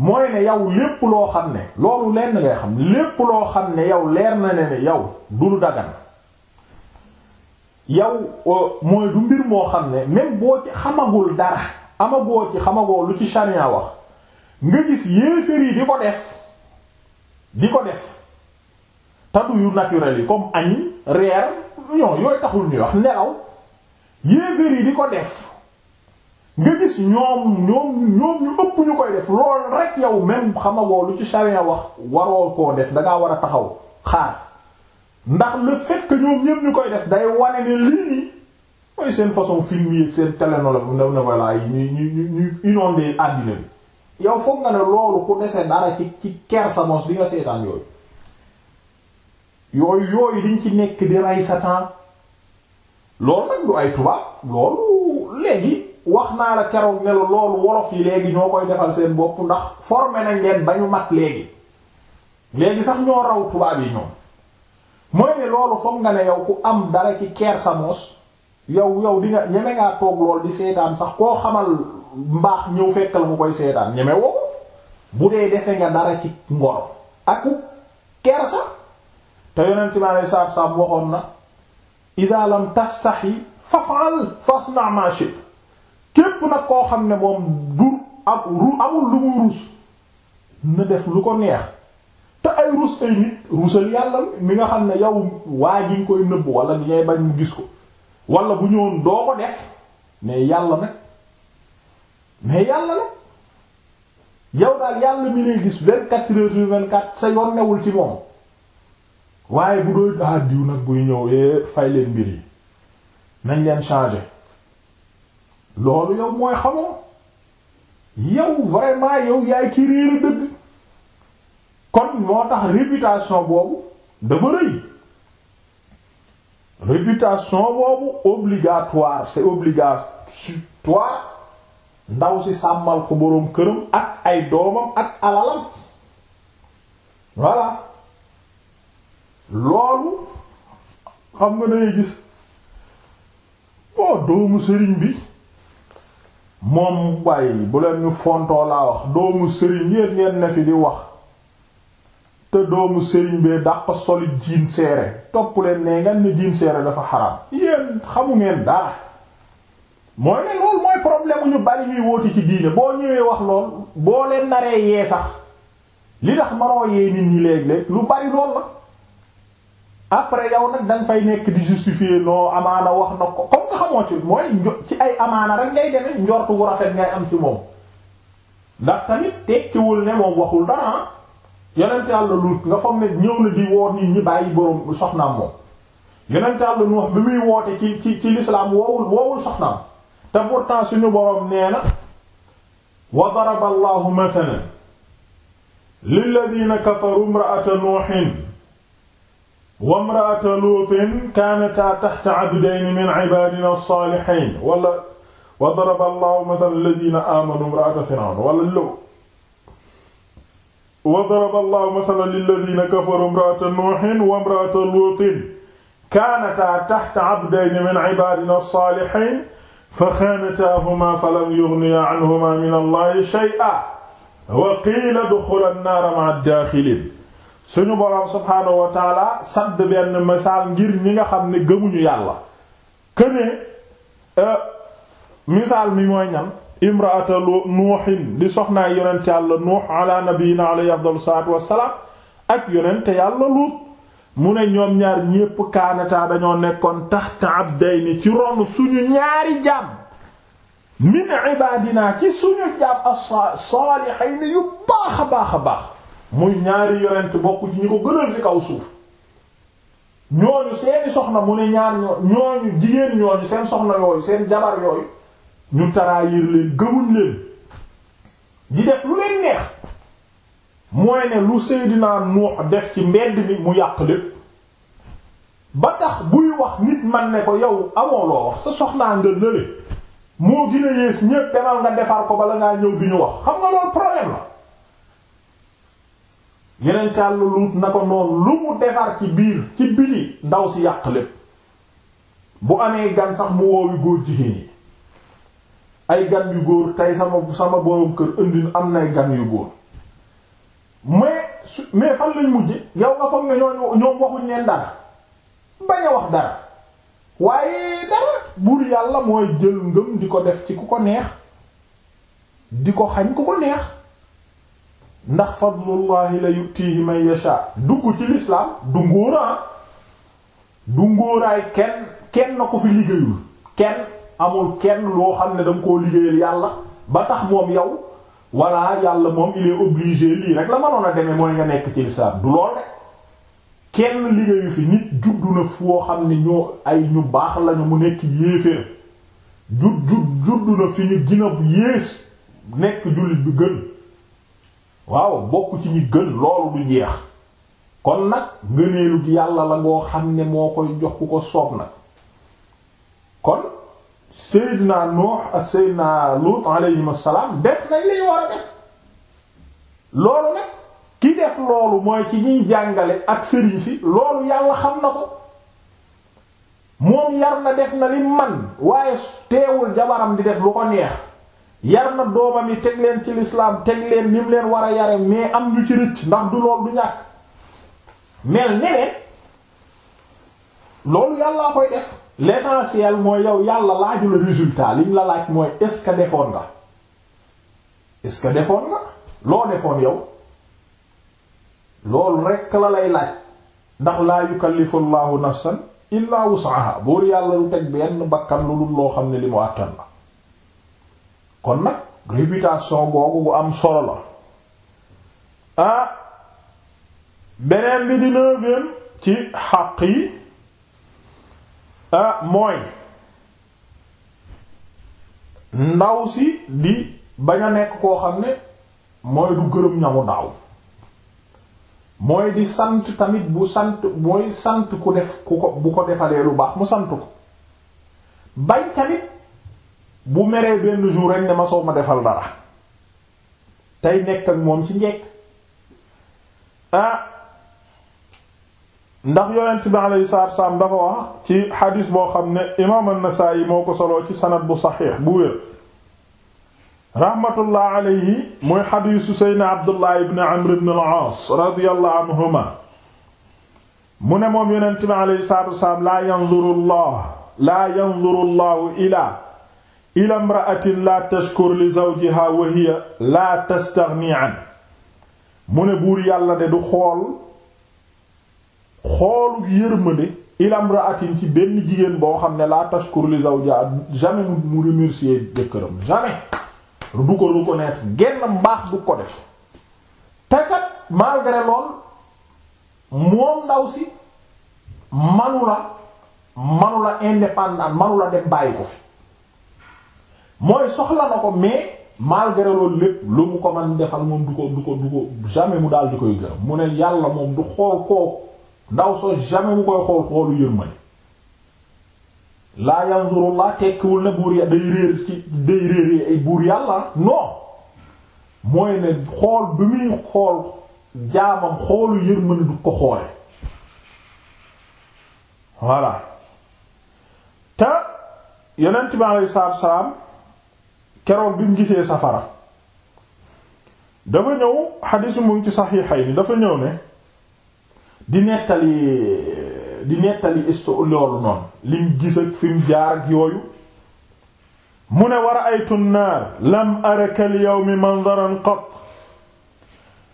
mooy ne yow lépp loo xam ne loolu lenn ngay xam lépp loo xam ne yow leer na ne ne yow du lu dagan yow euh, mooy du mbir moo xam ne même boo ci xamagul dara amagoo ci xamagoo lu ci sharia wax nga gis yéeféer yi di ko def di ko def taddu yu naturel yi comme añ reer ñon yooyu taxul ñuy wax nelaw yéeféer yi di ko def nga gis ñoom ñoom ñoom ñu ëpp ñu koy def lool rek yow même xamagoo lu ci charia wax waroo koo def dangaa war a taxaw xaar ndax le fait que ñoom ñu koy def day wane ne lii nii mooy seen façon film yi seen télénovela ne voilà ñu ñu ñu inondé àddina bi yow foog nga ne loolu ku dese dara ci ci kersa mos di nga seetaan yooyu yooyu yooyu diñ ci nekk di rey sa temps loolu nag du ay tubaab loolu léegi wax naa la keroog ne loolu wolof yi léegi ñoo koy defal seen bopp ndax formé nañ leen ba ñu mat léegi léegi sax ñoo raw tubaab yi ñoom mooy ne loolu foog nga ne yow ku am dara ci kersa moos yow yow di nga ñeme ngaa toog lool di seetaan sax koo xamal mbaax ñëw fekk mu koy seetaan ñeme woo bu dee dese nga dara ci ngor ak kersa te yonent mi alei saatu salaam waxoon na ida lam tastahi faf'al fasna ma shi'ta képp nag koo xam ne moom du ak ru amul lu muy ruus na def lu ko neex te ay ruus ay nit ruusal yàlla mi nga xam ne yow waa ji nga koy nëbb wala di ngay bañ mu gis ko wala bu ñëwoon doo ko def mais yàlla nag mais yàlla nag yow daal yàlla mi lay gis vingt-quatre heures sur vingt-quatre sa yoon newul ci moom waaye bu doon daa ah, diw nag buy ñëw eh, fay leen mbir yi nañ leen changer loolu yow mooy xamoo yow vraiment yow yaay ki réer kon moo tax réputation boobu dafa rëy réputation boobu obligatoire c'est obligatoire ndaw si sàmmal ko boroom këram ak ay doomam ak alalam voilà loolu xam nga dangay gis boo doomu sëriñ bi moom waaye bu leen ñu fontoo laa wax doomu sëriñ yéen ngeen ne fi di wax te doomu sëriñ bee dàq soli jiin seere topp leen ne ngeen ne jiin seere dafa xaram yéen xamu ngeen dara mooy ne loolu mooy problème ñu bari ñuy wóoti ci diine boo ñëwee wax lool boo leen naree yee sax li tax maroo yee nit ñi léeg-léeg lu bari lool la après yow nag da nga fay nekk di justifier non amaana wax na ko comme nga xamoo ci mooy ci ay amaana rek ngay demee njortu wu rafet ngay am ci moom ndax tamit tekkiwul ne moom waxul dara ah. yonent Yàlla Luut nga foog di woo nit ñi bàyyi borom soxnaam moom yonent muy woote ci ci ci l'islam woowul woowul soxnaam te pourtant suñu borom nee na wa daraba Allahu mathalan lilladhina kafaru imra'ata Nuuhin wa mraata luutin kaanataa taxta abdayni min ibaadina saalihiin wala wa daraba allahu mathala alladina aamanu mraata fir'awn wala lu wa daraba allahu mathala lilladina kafaru mraata nuuhin wa mraata luutin kaanataa taxta abdayni min ibaadina saalihiin faxaanataahumaa falam yughniyaa anhumaa mina allahi shay'an wa qiila udxulaa nnaara ma'a ddaaxiliin suñu boroom subhaanahu wa sadd benn misaal ngir ñi nga xam ne gëmuñu yàlla këne euh, misaal mi mooy ñam imraata nuuxin di soxnaay yonent yàlla nuux ala nabiyina alayhi afdalu salaatu wassalaam ak yonent yàlla luut mu ne ñoom ñaar ñépp kaanataa dañoo nekkoon taxta abdayni ci ron suñu ñaari jaam min ibaadinaa ci suñu jaam as-saalihiin yu baax a baax a baax muy ñaari yonent bokk ci ñi ko gënal ci kaw suuf ñooñu seeni soxna mu ne ñaar ñooñu jigéen ñooñu seen soxna yooyu seen jabar yooyu ñu taraayir leen gëmuñ leen di def lu leen neex mooy ne lu Seydina Nuux def ci mbedd mi mu yàq lépp ba tax buy wax nit man ne ko yow amoo loo wax sa soxnaa nga nële moo gën a yées ñépp demal nga defar ko bala ngaa ñëw bi ñu wax xam nga loolu problème la yeneen càll luut na ko noonu lu mu defar ci biir ci biti ndaw si yàq lépp bu amee gan sax mu woowi góor jigéen yi ay gan yu góor tey sama sama borom kër indi am nay gan yu góor mais su mais fan lañ mujj yow nga foog ne ñoo ñoom waxuñ leen dara bañ a wax dara waaye dara buur yàlla mooy jël ngëm di ko def ci ku ko neex di ko xañ ku ko neex ndax fadlullahi la yutihi man yasha dugg ci lislaam du ngóoraa ah. du ngóoraay kenn kenn na ko fi liggéeyul kenn amul kenn loo xam ne danga koo liggéeyal yàlla ba tax moom yow walla yàlla moom il est obligé lii rek la mënoon a deme mooy nga nekk ci lislaam du lool rek kenn liggéeyu fi nit juddu na foo xam ne ñoo ay ñu baax lañu mu nekk yéeféer jud jud juddu na fi ñu gën yées nekk jullit bi gën waaw bokku ci ñi gën loolu du jeex kon nag ngëneelu yàlla la ngoo xam ne moo koy jox ku ko soob nag kon Seydina Nuux ak Seydina Luut alayhim salaam def nañ li war a def loolu nag ki def loolu mooy ci ñuy jàngale ak sëriñ si loolu yàlla xam na ko moom yar na def na li man waaye teewul jabaram di def lu ko neex yar na doomam yi teg leen ci lislaam teg leen nim leen war a yaram mais am ñu ci rëcc ndax du lool du ñàkk mel ne leen loolu yàllaa koy def l'essentiel mooy yow yàlla laaju la résultat liñ la laaj mooy est-ce que defoon nga est-ce que defoon nga loo defoon yow loolu rekk la lay laaj ndax laa yukallifu llahu nafsan illa wus'aha buur yàlla lu teg benn bakkan lu dul loo xam ne li mu àttan la kon nag réputation googu bu am solo la ah beneen bi di neuvième ci xàq yi ah mooy ndaw si di bañ a nekk koo xam ne mooy du gërëm ñamu daaw mooy di sant tamit bu sant mooy sant ku def ku ko bu ko defalee lu baax mu sant ko bañ tamit bu meree benn jour ne ma soo ma defal dara tey nekk moom ci njekk ah ndax yonent bi alayhi salaatu dafa wax ci xadis boo xam ne imaam an-Nasaa'i moo ko soloo ci sanad bu saxiix bu wér rahmatullah alayhi muy xadisu seydna Abdullah ibn Amr ibn al-Aas radiyallahu anhuma mu ne moom yonent bi alayhi salaatu wa salaam laa yanzuru Allah laa ilaa ila imra'atin la tashkur li zawjiha wa hiya la mu ne buur yàlla de du xool xoolu yërmande ila imra'atin ci benn jigéen boo xam ne laa tashkur li zawjiha jamais mu remercier jëkkëram jamais du ko reconnaître genn mbaax du ko def te kat malgré moom ndaw si manu la manu la indépendant manu la dem bàyyi ko fi mooy soxla na ko mais malgré loolu lépp lu mu ko man moom du ko du ko du ko jamais mu daal di koy gërëm mu ne yàlla moom du xool koo ndaw soo jamais mu koy xool xoolu yërmande laa yanzurullah tekkiwul ne buur day réer ci day réer ay yàlla non mooy ne xool bi muy xool jaamam xoolu yërmande du ko xoole voilà te yonent bi alayhi salaatu salaam keroog bi mu gisee safara dafa ñëw xadiis mu ngi ci saxiixay ni dafa ñëw ne di nettali di nettali isto loolu noonu lim gis ak fi jaar ak yooyu mu ne war a aytu naar lam araka al yawmi manzaran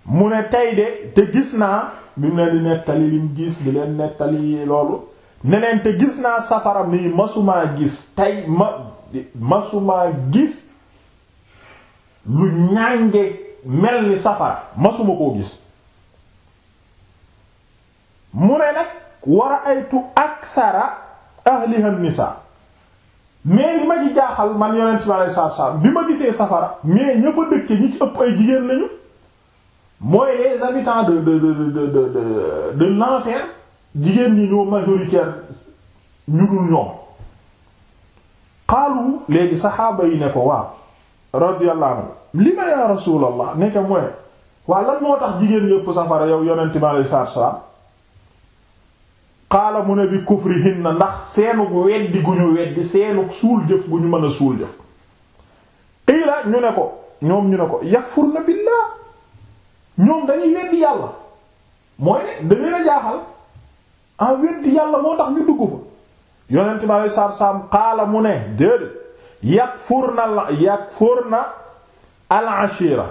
mu ne tey de te gis naa bi mu leen di nettali lim gis di leen nettali loolu ne leen te gis naa safara mii masumaa gis tey ma masumaa gis lu ñànge mel ni safara masuma koo gis mu ne nag war a aytu aksara ahliha nisa mais li ma ci jaaxal man yonent bi alei satu bi ma gisee safara mais ña fa dëkke ñi ci ëpp ay jigéen lañu mooy les de de de de de de l'enfer jigéen ñi ñoo majoritaire ñu dul ñoom xaalu léegi saxaaba yi ne ko waaw radiyallahu anhu li ma yaa rasulallah nekk mooy waa lan moo tax jigéen yépp safara yow yonent bi alayhi salaatu salaam xaala mu ne bi kufrihinna ndax seenug weddi gu ñu weddi seenug suul jëf gu ñu mën a suul jëf qiila ñu ne ko ñoom ñu ne ko yakfurna billah ñoom dañuy weddi yàlla mooy ne dañu la jaaxal en weddi yàlla moo tax ñu dugg fa yonent bi alayhi salaatu salaam xaala mu ne déedéet yakfurna la yakfurna al ashira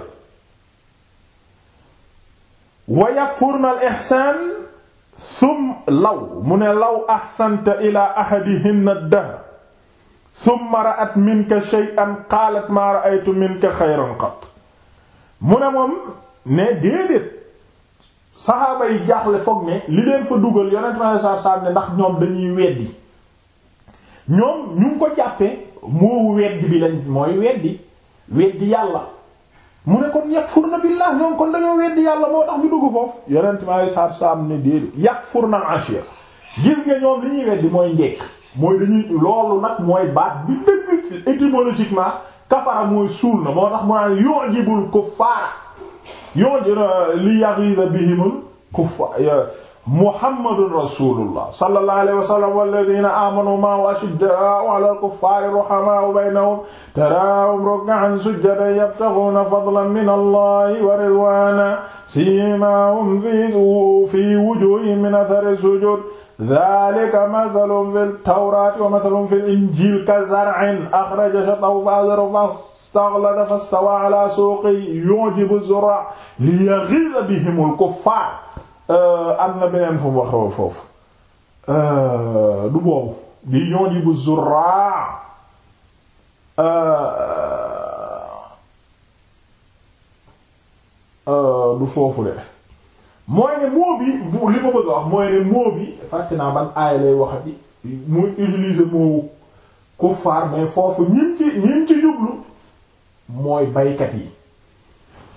wa yakfurna al ihsan sum law mu ne law ahsanta ila ahadihinna ad-dahr summa ra'at minka shay'an qaalat maa ra'aytu minka xayran qat mu ne moom ne déedéet saxaaba yi jaaxle foog ne li leen fa dugal yonent ma sa ne ndax ñoom dañuy weddi ñoom ñu ngi ko jàppee moo weddi bi lañ mooy weddi weddi yàlla mu ne kon yakfurna billah ñoom kon dañoo weddi yàlla moo tax ñu dugg foofu yonent mi alayhi salaatu salaam ne déedéet yakfurna ashir gis nga ñoom li ñuy weddi mooy njekk mooy dañuy loolu nag mooy baat bi dëgg étymologiquement kafara mooy suul na moo tax mu naan yu'jibul kuffaar yu'jib li yaghiza bihimul kuffaar muhammadun rasulullah sallallahu alayhi wa sallam walladina amanu ma'ahu ashiddaa'u ala al-kuffaari ruhamaa'u baynahum taraahum ruk'an sujjadan yabtaghuuna fadlan min allahi wa ridwaanan siimaahum fii wujuuhihim min athari sujuud dhaalika mathalun fit-tawraati wa mathalun fil-injiili kazar'in akhraja shat'ahu fa'azarahu fastaghlada fastawaa alaa suuqihi yu'jibu az-zuraa'a liyaghiiza bihimul kuffaar Euh, am na beneen fu mu waxee foofu euh, du boobu di ñoo ji bu zurraa euh, du foofu de mooy ne moo bi bu li ma bëgg wax mooy ne moo bi fàtte naa ban aaya lay wax bi muy utiliser moo kuffaar mais foofu ñim ci ñim ci jublu mooy baykat yi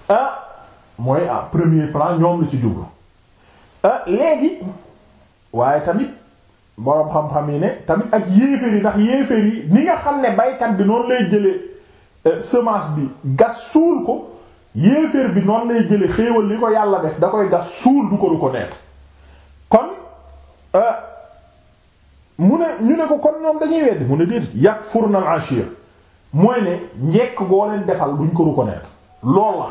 ah mooy ah premier plan ñoom la ci jublu Ah, léegi waaye tamit boroom xam-xam yi ne tamit ak yéeféer yi ndax yéeféer yi ni nga xam ne baykat bi noonu lay jële eh, semence bi gas suul ko yéeféer bi noonu lay jële xéewal li ko yàlla def da koy gas suul du ko reconnaître kon eh, mu ne ñu ne ko kon ñoom dañuy weddi mu ne déedéet yakfurna al ashir mooy ne njekk goo leen defal duñ ko reconnaître lool la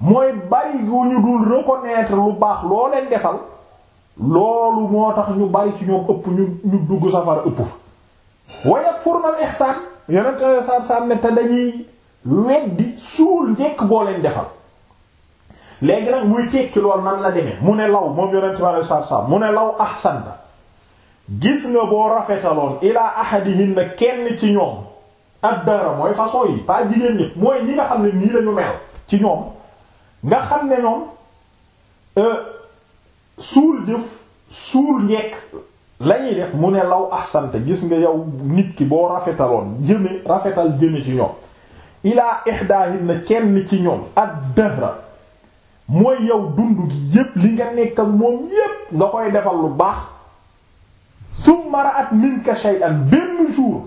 mooy bari gu ñu dul reconnaître lu baax loo leen defal loolu moo tax ñu bari ci ñoom ëpp ñu ñu dugg safara ëpp fa wa yakfurna al ihsan yonent sa sa ne te dañuy weddi suul njekk boo leen defal léegi nag muy tekki lool nan la demee mu ne law moom yonent bi sa sa mu ne law ahsanta gis nga boo rafetaloon ilaa ahadihin na kenn ci ñoom ad dara mooy façon yi pas jigéen ñi mooy ñi nga xam ne nii lañu mel ci ñoom nga xam ne ñoom euh, suul jëf suul njekk lañuy def mu ne law ahsanta gis nga yow nit ki boo rafetaloon jëme rafetal jëme ci ñoom ilaa ihdaahin na kenn ci ñoom ad dahra mooy yow dund gi yépp li nga nekk moom yépp nga koy defal lu baax summa ra'at minka shay'an benn jour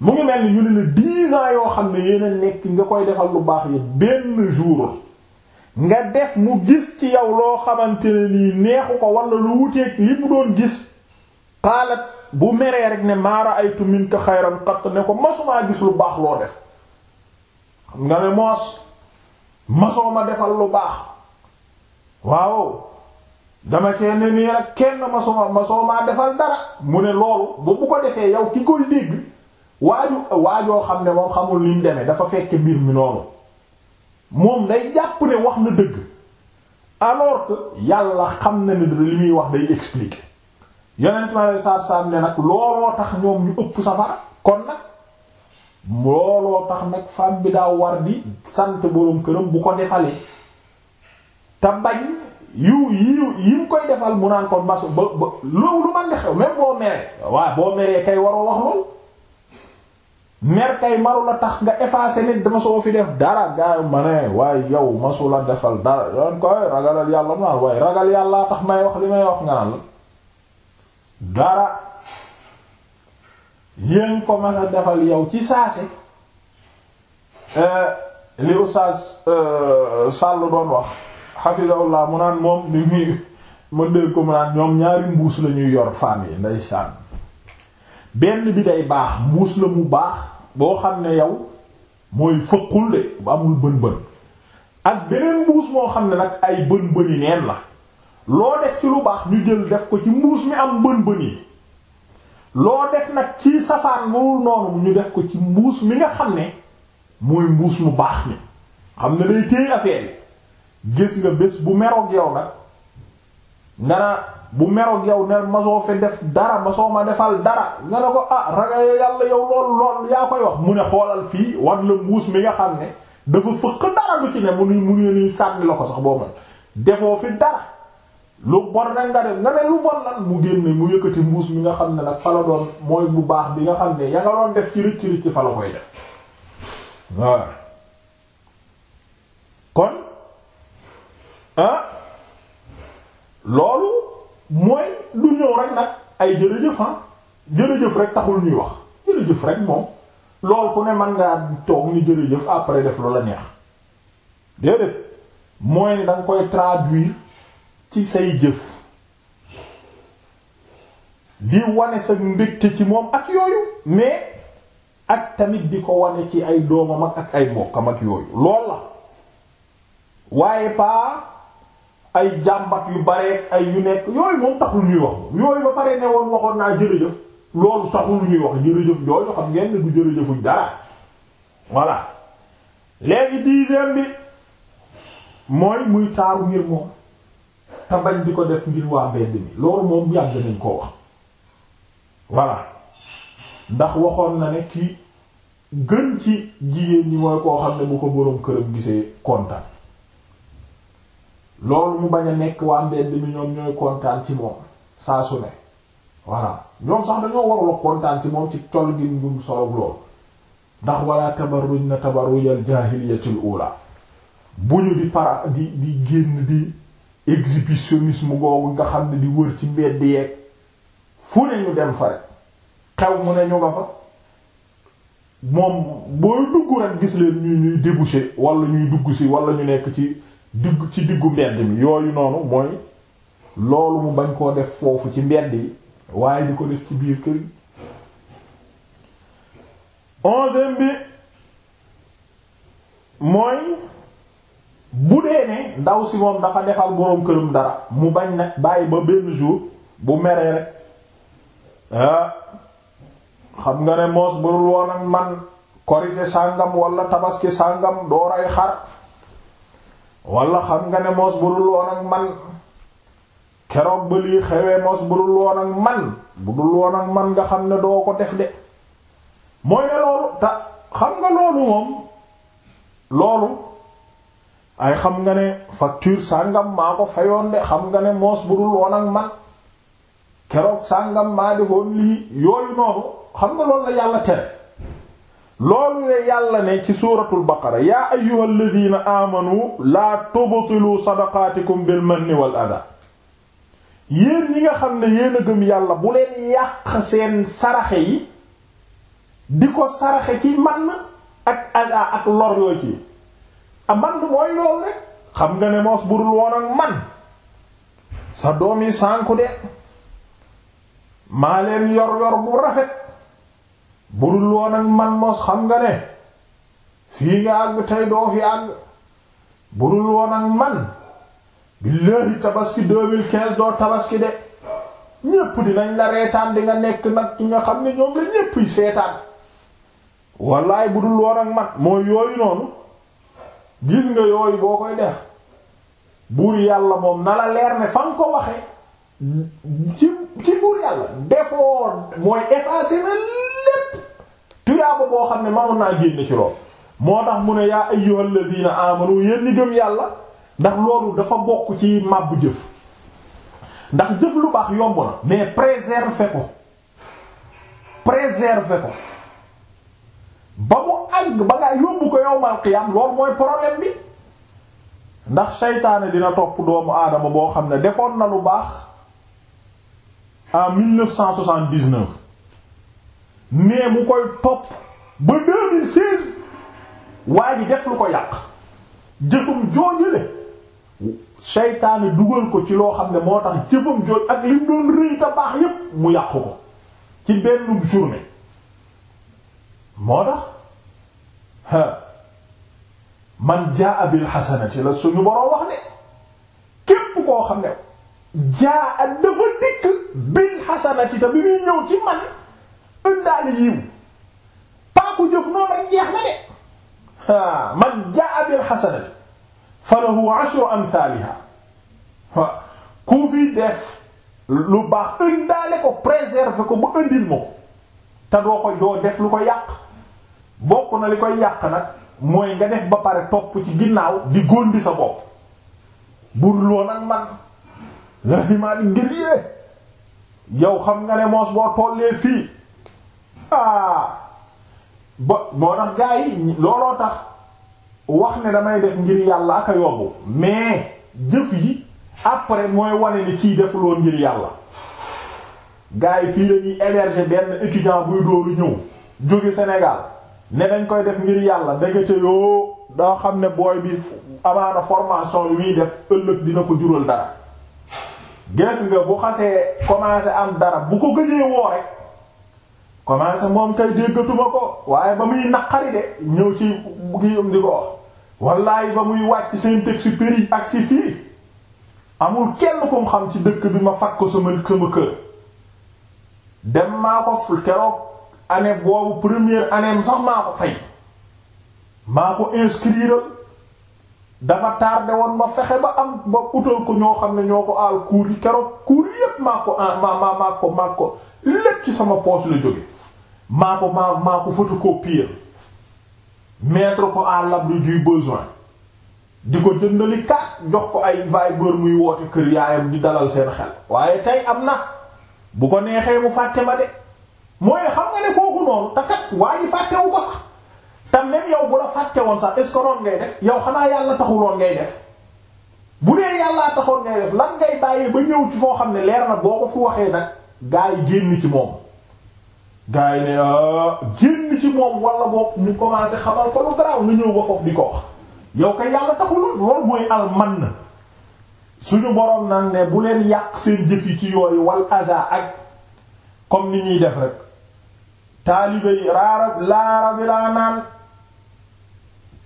mu ngi mel ni ñu ne la dix yoo xam ne yéen nekk nga koy defal lu baax yi benn jour nga def mu gis ci yow loo xamante ne nii neexu ko walla lu wuteeg li mu doon gis xaalat bu meree rek ne maara aytu minka xayran qatt ne ko masumaa gis lu baax loo def xam nga ne moos masoo defal lu baax waaw dama cee ne kenn masuma masoo maa defal dara mu ne loolu ba bu ko defee yow ki koy dégg waaju waajoo xam ne moom xamul liñ demee dafa fekk mbir mi noonu moom day jàpp ne wax na dëgg alors que yàlla xam na ne li muy wax day expliquer yonent ma lay saab saab ne nag looloo tax ñoom ñu ëpp safara kon nag looloo tax nag femme bi daa war di sant boroom këram bu ko defalee te bañ yiw yiw yi mu koy defal mu naan ko masu ba ba loolu lu man di xew même boo meree waaw boo meree kay waroo wax loolu mer kay maru la tax nga effacé nit dama soo fi def dara gaayu ma ne waaye yow masula defal dara yoon koy ragalal yàlla mu naan waaye ragal yàllaa tax may wax li may wax nga naan dara yéen ko mën a defal yow ci saase eh, li Oustaz eh, Sall doon wax hafizahullah mu naan moom ni mu ma dégg ko mu naan ñoom ñaari mbuus lañuy yor femme yi ndeysaan benn bi day baax mbuus la mu baax boo xam ne yow mooy fëqul de bu amul bën-bën ak beneen mbuus moo xam ne nag ay bën-bëni neen la loo def ci lu baax ñu jël def ko ci mbuus mi am bën-bën yi loo def nag ci safaan loolu noonu ñu def ko ci mbuus mi nga xam ne mooy mbuus mu baax mi xam ne day téye affaire gis nga bés bu meroog yow nag nga bu meroog yow ne masoo fi def dara masoo ma defal dara nga ne ko ah ragal yàlla yow lool lool yaa koy wax mu ne xoolal fii wan la mbuus mi nga xam ne dafa fëq dara lu ci ne mu ni mu ne nii sànni la ko sax boo man defoo fi dara lu bon rek nga def nga ne lu bon lan mu génne mu yëkkati mbuus mi nga xam ne nag fa la doon mooy bu baax bi nga xam ne ya nga doon def ci ricc ricc fa la koy def waaw kon ah, loolu mooy du ñëw rek nag ay jërëjëf ah jërëjëf rek taxul ñuy wax jërëjëf rek moom lool ku ne man ngaa toog ni jërëjëf après def loola neex déedéet mooy ne danga koy traduire ci say jëf di wane sa mbégte ci moom ak yooyu mais ak tamit di ko wane ci ay doomam ak ay mbokkam ak yooyu lool la waaye paa ay jàmbat yu bare ay yu nekk yooyu moom taxul ñuy wax yooyu ba pare ne woon waxoon naa jërëjëf loolu taxul ñuy wax jërëjëf jooju xam ngeen ne du jërëjëfuñ dara voilà léegi dixième bi mooy muy taaru ngir moom te bañ ko def ngir waa mbedd mi loolu moom yàgg nañ koo wax voilà ndax waxoon na ne ci gën ci jigéen ñi mooy koo xam ne bu ko boroom këram gisee konta loolu mu bañ a nekk waa mbedd mi ñoom ñooy kontaan ci moom saa su ne voilà ñoom sax dañoo warula kontaan ci moom ci col gi ngum solog loolu ndax wala tabarruj na tabarrujal jaahiliyatul ula bu ñu di para di di génn di exhibitionnisme googu nga xam ne di wër ci mbedd yeeg fu ne ñu dem fa rek xew mu ne ñu nga fa moom booy dugg rek gis leen ñuy ñuy débouché wala ñuy dugg si wala ñu nekk ci digg ci diggu mbedd mi yooyu noonu mooy loolu mu bañ koo def foofu ci mbedd yi waaye di ko def ci biir kër yi onzième bi mooy bu dee ne ndaw si moom dafa defal boroom kërum dara mu bañ nag bàyyi ba benn jour bu meree rek ah xam nga ne moos bu dul woon ak man korite sàngam walla tabaski sàngam dooray xar wala xam nga ne mos bu dul woon ak man keroog ba lii xewee mos bu dul woon ak man bu dul woon ak man nga xam ne doo ko def de mooy ne loolu te xam nga loolu moom loolu ay xam nga ne facture sàngam maa ko fayoon de xam nga ne mos bu dul woon ak man keroog sàngam maa defoon lii yooyu noonu xam nga loolu la yàlla tere loolu la yàlla ne ci suuratul baqara yaa ayyuhal ladina amanu laa tubtilu sadaqaatikum bil manni wal adha yéen ñi nga xam ne yéen a gëm yàlla bu leen yàq seen saraxe yi di ko saraxe ci man ak adha ak lor yoo ci a ah, man mooy loolu rek xam nga ne moos budul woon ak man sa doom yi sànku de maa leen yor yor bu rafet budul woon ak man mos xam nga ne fii nga àgg tey doo fi àgg budul woon ak man billahi tabaski 2015 doo tabaski de ñépp dinañ la reetaan di nga nekk nag ki nga xam ne ñoom la ñépp yi seetaan wallaay budul woon ak man mooy yooyu noonu gis nga yooyu boo koy def buur yàlla moom na la leer ne fa nga ko waxe ci ci buur yàlla defoo mooy effacer tiyaaba boo xam ne manoon naa génne ci lool moo tax mu ne yaa ayyuhal ladina amanu yéen ñi gëm yàlla ndax loolu dafa bokk ci màbbu jëf ndax jëf lu baax yomb na mais préserver ko préserver ko ba mu àgg ba ngaa yóbbu ko yowmal qiyam loolu mooy problème bi ndax seytaane dina topp doomu aadama boo xam ne defoon na lu baax en 1979 mais mu koy topp ba 2016 waa ji def lu ko yàq jëfum joojule seytaane dugal ko ci loo xam ne moo tax jëfam jooj ak lim doon rëy ta baax yépp mu yàqu ci benn journée moo tax man jaa bil hasanati la suñu boroom wax ne képp koo xam ne jaa dafa dikk bil hasanati te bi muy ñëw ci man ëndaale yiw paaku jëf noonu rek jeex na de ah man jaa bil hasanati falahu ashru amthaliha ku fi def lu baax ëndaale ko préservé ko ba ëndil ma te doo ko doo def lu ko yàq bokk na li koy yàq nag mooy nga def ba pare topp ci ginnaaw di góondi sa bopp bur loo nag man la himaani ngir yee yow xam nga ne moos boo tollee fii ba moo tax gaa yi looloo tax wax ne damay def ngir yàlla aka yobbu mais jëf yi après mooy wane ni kii defuloon ngir yàlla gaa yi fii lañuy héberger benn étudiant buy dóoru ñëw jóge Sénégal ne dañ koy def ngir yàlla ndekete yoo daa xam ne booy bi amaana formation yi def ëllëg dina ko jural dara gis nga bu xasee commencé am dara bu ko gëjee woo rek commencé moom kay déggatuma ko waaye ba muy naqari de ñëw ci giyam di ko wax wallaay fa muy wàcc Saint-Exupéry ak si fii amul kenn kum xam ci dëkk bi ma fàkk ko sama sama kër dem maa ko keroog année boobu première année sax maa ko fay maa ko inscrire dafa tardé woon ma fexe ba am ba utal ko ñoo xam ne ñoo ko aal cours yi keroog cours yépp maa ko maa ko maa ko lépp ci sama poche la jóge maa ko maa maa ko photocopier mettre ko à l'abri du besoin di ko jëndali kat jox ko ay Viber muy woote kër yaayam di dalal seen xel waaye tey am na bu ko neexee mu fàtte ma de mooy xam nga ne kooku noonu te waaye fàttewu ko sax te même yow bu la fàtte woon sax est ce ngay def yow xanaa yàlla taxuloon ngay def bu dee yàllaa taxoon ngay def lan ngay bàyyee ba ñëw ci foo xam ne leer na boo ko fi waxee nag gaa yi génn ci moom gars yi ne ah génn ci moom wala boog ñu commencé xamal ko lu garaaw ñëw ba di ko wax yow kay yàlla taxul loolu mooy alman na suñu borom nag ne bu leen yàq seen jëf ci yooyu wal ada ak comme ni ñuy def rek taalibe yi raara laara naan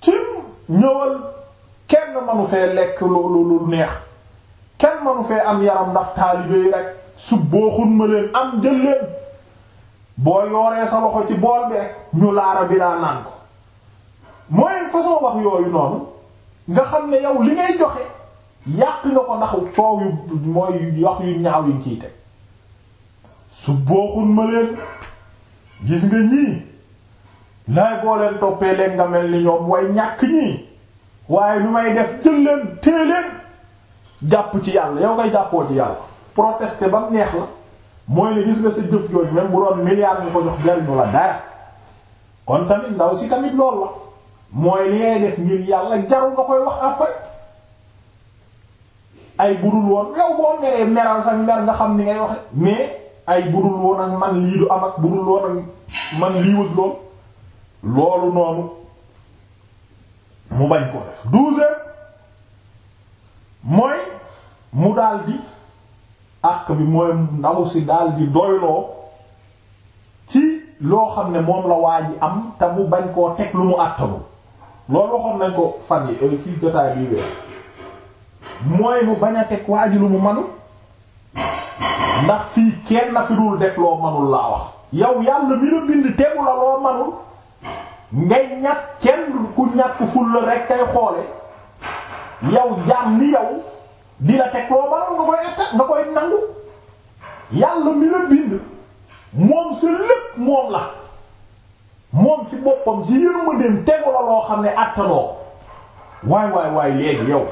cim ñëwal kenn manu fee lekk lu lu neex kenn manu fee am yaram ndax taalibe yi rek su boo xun ma leen am jël leen boo yooree sa loxo ci bool bi rek ñu laara bi laa naan ko mooy façon wax yooyu noonu nga xam ne yow li ngay joxe yàq nga ko ndax coow yu mooy wax yu ñaaw yuñ ciy teg su booxun ma leen gis nga ñii lay boo toppee leen nga mel ni ñoom way ñàkk ñii waaye ñu may def jël leen tée jàpp ci yàlla yow koy jàppoo ci yàlla protester ba neex la mooy ne gis nga sa jëf jooju même bu doon milliard ñu ko jox jariñu la dara kon tamit ndaw si tamit loolu la mooy li def ngir yàlla jarul nga koy wax après ay budul woon yow boo meree meral sax mer nga xam ni ngay waxe mais ay budul woon ak man lii du am ak budul woon ak man lii wut lool loolu noonu mu bañ ko def mooy mu daldi àq bi mooy ndaw si daal di doyloo ci loo xam ne moom la waa ji am te mu bañ koo teg lu mu àttalu loolu waxoon nañ ko fan yi kii euh, jotaay bii weer mooy mu bañ a teg waa ji lu mu manu ndax fii kenn na fi dul def loo manul laa wax yow yàlla mi la bind tegu la loo manul ngay ñàkk kenn ku ñàkk ful la rek kay xoole yow jaam ni yow di la teg loo baral nga koy atta nga koy nangu yàlla mi la bind moom sa lépp moom la moom ci boppam ci yërmandeem tegu la loo xam ne attanoo waay waay waay léegi yow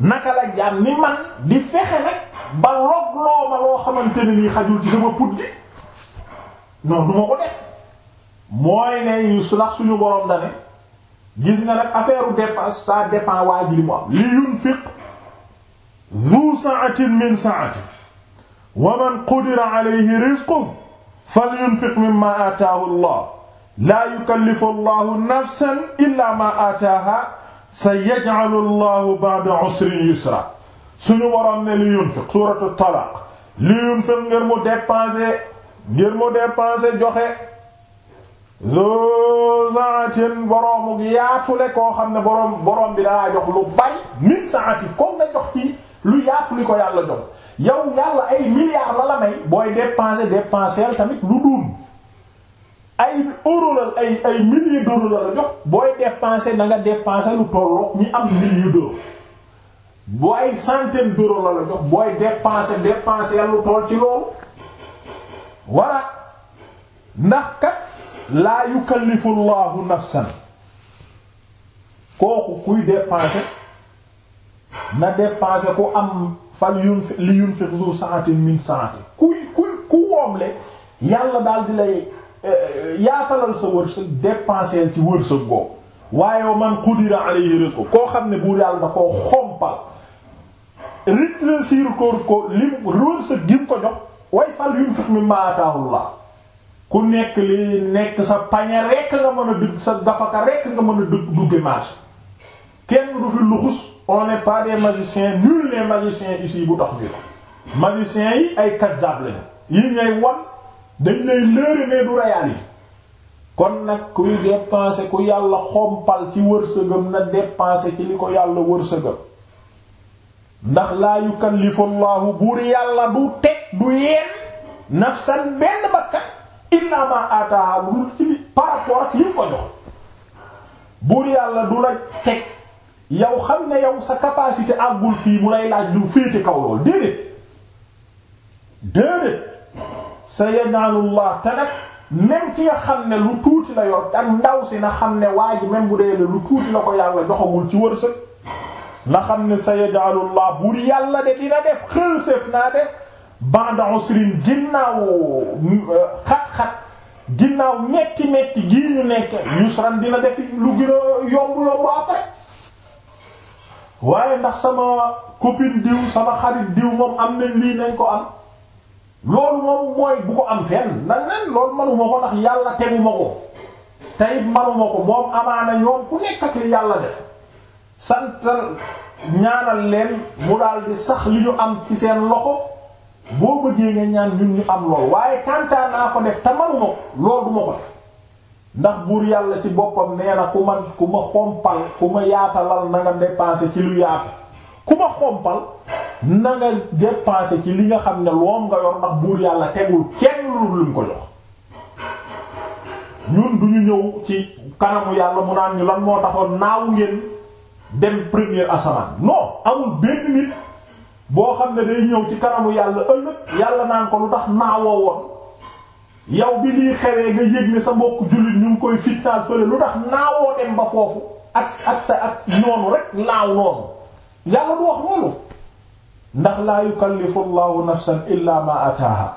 naka la jaam ni man di fexe nag ba log loo loo xamante ne nii xajul ci sama put gi non ma ko def mooy ne yu sulax suñu borom da ne gis nga nag affaire u dépense ça dépend waa ji li mu am zu sa'atin min sa'ati wa man qudira alayhi rizquhu falyunfiq mimma ataahu Allah laa yukallifu Allahu nafsan illaa ma ataaha sayaj'alu Allahu ba'da usrin yusra suñu waroon ne li yunfiq suuratu talaaq li yunfiq ngir mu dépenser ngir mu dépenser joxe zu sa'atin boroomu yaatule koo xam ne boroom boroom bi daa jox lu bari min sa'ati ko nga jox ci lu yaatu li ko yàlla jox yow yàlla ay milliards la la may booy dépenser dépenser tamit lu duun ay euro la ay ay milliers d'euros la la jox booy dépenser na nga lu tolloog ñi am milliers d'euros boo ay centaine d'euros la la jox booy dépenser dépenser lu toll ci loolu walla ndax kat laa yukallifu llahu nafsan kooku kuy dépenser na dépensé ku am fal yunfi li yunfiq zu sa'atin min sa'ati kuy kuy ku woomle yàlla daal di lay eh, yaatalal sa wërsëg dépensé ci wërsëg boobu waaye man qudira alayhi rizqu koo xam ne bu yàlla da koo ko lim wërsëg gi mu ko jox way fal yunfiq mimma ataahullah ku nekk li nekk sa pañe rekk nga mën a dugg sa gafaka rekk nga mën a dugg dugge marché kenn du fi luxus on n'est pas des magiciens nul magicien ici bu tax bi la magiciens yi ay kazzab lañu yi ngay wan dañ lay lëre mais du réalité kon nag kuy dépenser ku yàlla xompal ci wërsëgam na dépenser ci li ko yàlla wërsëgam ndax laa yukallifu llaahu buur yàlla du teg du yeen nafsan benn bakkan illaa ma ataaha lu ci par rapport ak li ko jox buur yàlla du la teg yow xam ne yow sa capacité àggul fii mu lay laaj lu féete kaw lool déedéet déedéet sa yanaalullah te nag même ki xam ne lu tuuti la yor ak ndaw si na xam ne waa ji même bu dee lu tuuti la ko yàlla joxagul ci wërsëg na xam ne sa yanaalullah buur yàlla de dina def xëlséef naa def banda usrin ginnaaw euh, xat-xat ginnaaw metti metti gii ñu nekk yusran dina def lu gën a yomb yomb après waaye ndax sama copine diw sama xarit diw moom am nañ lii nañ ko am loolu moom mooy bu ko am fen na nen loolu manuma ko ndax yàlla teguma ko tayit manuma ko moom amaana ñoom ku nekk li yàlla def santal ñaanal leen mu daal di sax li ñu am ci seen loxo boo bëggee nga ñaan ñun ñu am lool waaye kantaan naa ko def te manuma ko loolu duma ko def ndax buur yàlla ci boppam nee na ku ma ku ma xompal ku ma yaatalal na nga dépenser ci lu yaatu ku ma xompal na nga ci li nga xam ne loom nga yor ndax buur yàlla tegul kenn lu luñ ko jox ñun du ñu ñëw ci kanamu yàlla mu naan ñu lan moo taxoon naawu ngeen dem première asamaan non amul benn nit boo xam ne day ñëw ci kanamu yàlla ëllëg yàlla naan ko lu tax naawoo woon yow bi lii xewee nga yëg sa mbokk jullit ñu koy fitnaal fële lu tax naawoo dem ba foofu ak ak sa ak noonu rek naaw noonu yàlla du wax loolu ndax laa yukallifu llahu nafsan illa ma ataaha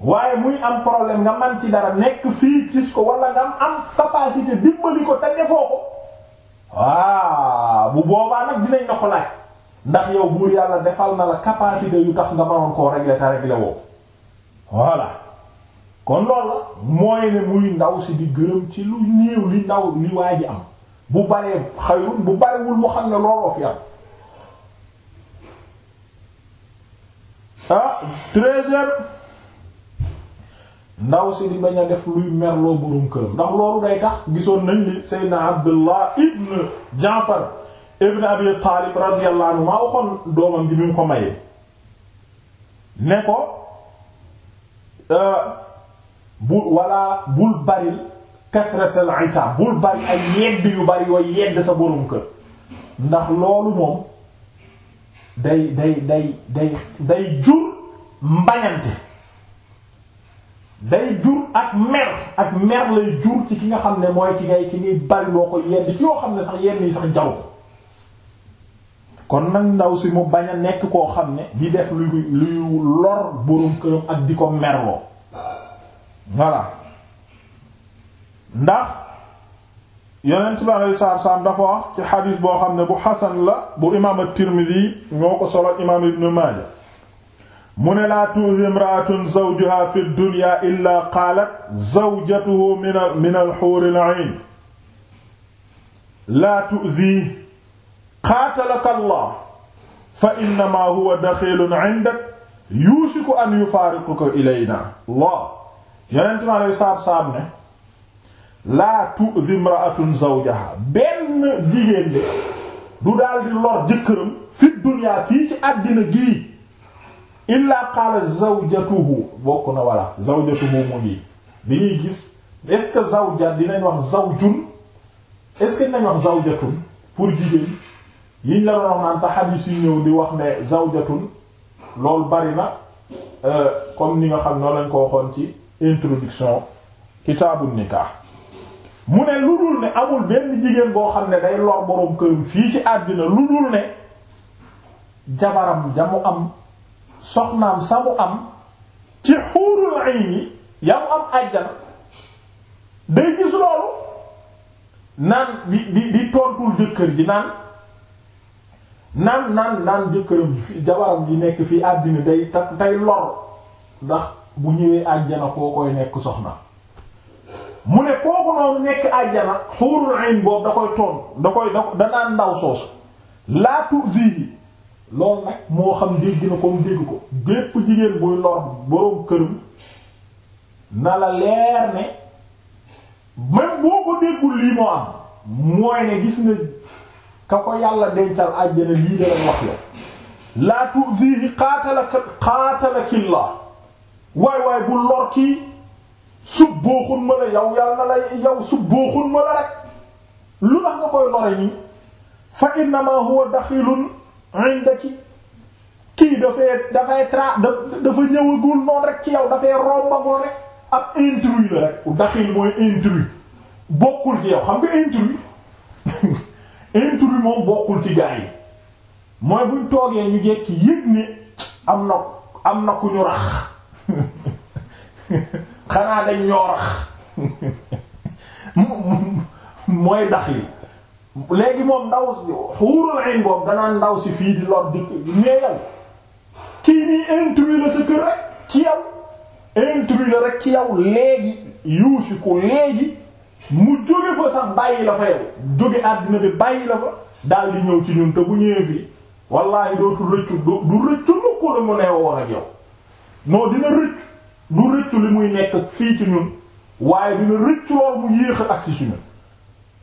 waaye muy am problème nga man ci dara nekk fii gis ko wala nga am capacité dimbali ko te foofu ko waaw bu boobaa nag dinañ na ko laaj ndax yow buur yàlla defal na la capacité yu tax nga mënoon koo régler te régler woo voilà kon loolu la mooy ne muy ndaw si di gërëm ci lu néew li ndaw li waa ji am bu baree xayrun bu barewul mu xam ne looloo fi am ah treizième ndaw si di bañ a def luy merloo boroom këram ndax loolu day tax gisoon nañ li Seydina Abdullah ibn Jaafar ibn Abi Taalib radiyallahu anhu maa waxoon doomam bi ñu ko mayee ne ko euh, bu wala bul bari kasratal itaab bul bari ay yedd yu bari yooy yedd sa borom kër ndax loolu moom day day day day day jur mbañante day jur ak mer ak mer lay jur ci ki nga xam ne mooy ki ngay ki ngay bari loo ko yedd ci yoo xam ne sax yenn yi sax jaru ko kon nag ndaw si mu bañ a nekk koo xam ne di def luy luy lor borom këram ak di ko merloo voilà ndax yonent bi alayhi salaatu salaam dafa wax ci xadiis boo xam ne bu xasan la bu imaam at-Tirmidhi ñoo ko solo imaam Ibn Maaja mu ne laa tuuti imraatun zawjuha fi dunya illa qaalat zawjatuhu min min al-huuril ayn laa tuuti qaatalaka Allah fa innamaa huwa daxiilun indak yuushiku an yufaariquka ilaynaa Allah yonent mi aleyhi salaatu salaam ne laa tu'zi imra'atun zawjaha benn jigéen bi du daal di jëkkëram fi dunyaa fii ci àddina gii illaa qaala zawjatuhu bokk na walla zawjatuhu mu ngi bi gis est-ce que dinañ wax zawjun est dinañ wax zawjatun pour jigéen yiñ la doon wax naan te xadiis yu ñëw di wax ne zawjatun loolu bari na euh, comme ni nga xam noonu lañ ko waxoon ci introduction kitaabu nikah mu ne lu dul ne amul benn jigéen boo xam ne day lor boroom këram fii ci àddina lu dul ne jabaram ja mu am soxnaam sa mu am ci xuurul ayni ya mu am àjjana day gis loolu naan di di di tontul jëkkër ji naan naan naan naan jëkkëram ji fi jabaram ji nekk fii àddina day day lor ndax bu ñëwee àjjana koo koy nekk soxna mu ne kooku noonu nekk àjjana xuurul ayn boobu da koy toon da koy da danaan ndaw soosu laa turdi loolu nag moo xam dégg na comme dégg ko bépp jigéen buy lor boroom këram na la leer ne même boo ko déggul lii moo am mooy ne gis nga ka ko yàlla dencal àjjana lii da la wax la laa turdi xaatala xaatalakilla waay waay bu lor kii sub booxun ma la yow yàlla na la yow sub booxun ma la rek lu tax nga koy lore nii fa innama huwa daxilun indaki kii dafay dafay tra dafa ñëwagul noonu rek ci yaw dafay rombagul rek ab intrus la rek daxil mooy intrus bokkul ci yow xam nga intrus intrus moom bokkul ci gaa yi mooy buñ toogee ñu jekki yëg ne am na am na ku ñu rax xanaa dañ ñoorax mooy dax li léegi moom ndaw si xuurul ayn boobu si fii di lor di mais ci yow intrus la rek ci yow mu la fa yow jóge àddina bi bàyyi la fa ñëw ci ñun bu ñëwee fii wallaahi la mu nee woon ak yow non dina rëcc du rëccu li muy nekk fii ci ñun waaye dina rëccu lool mu yéex ak ci ñun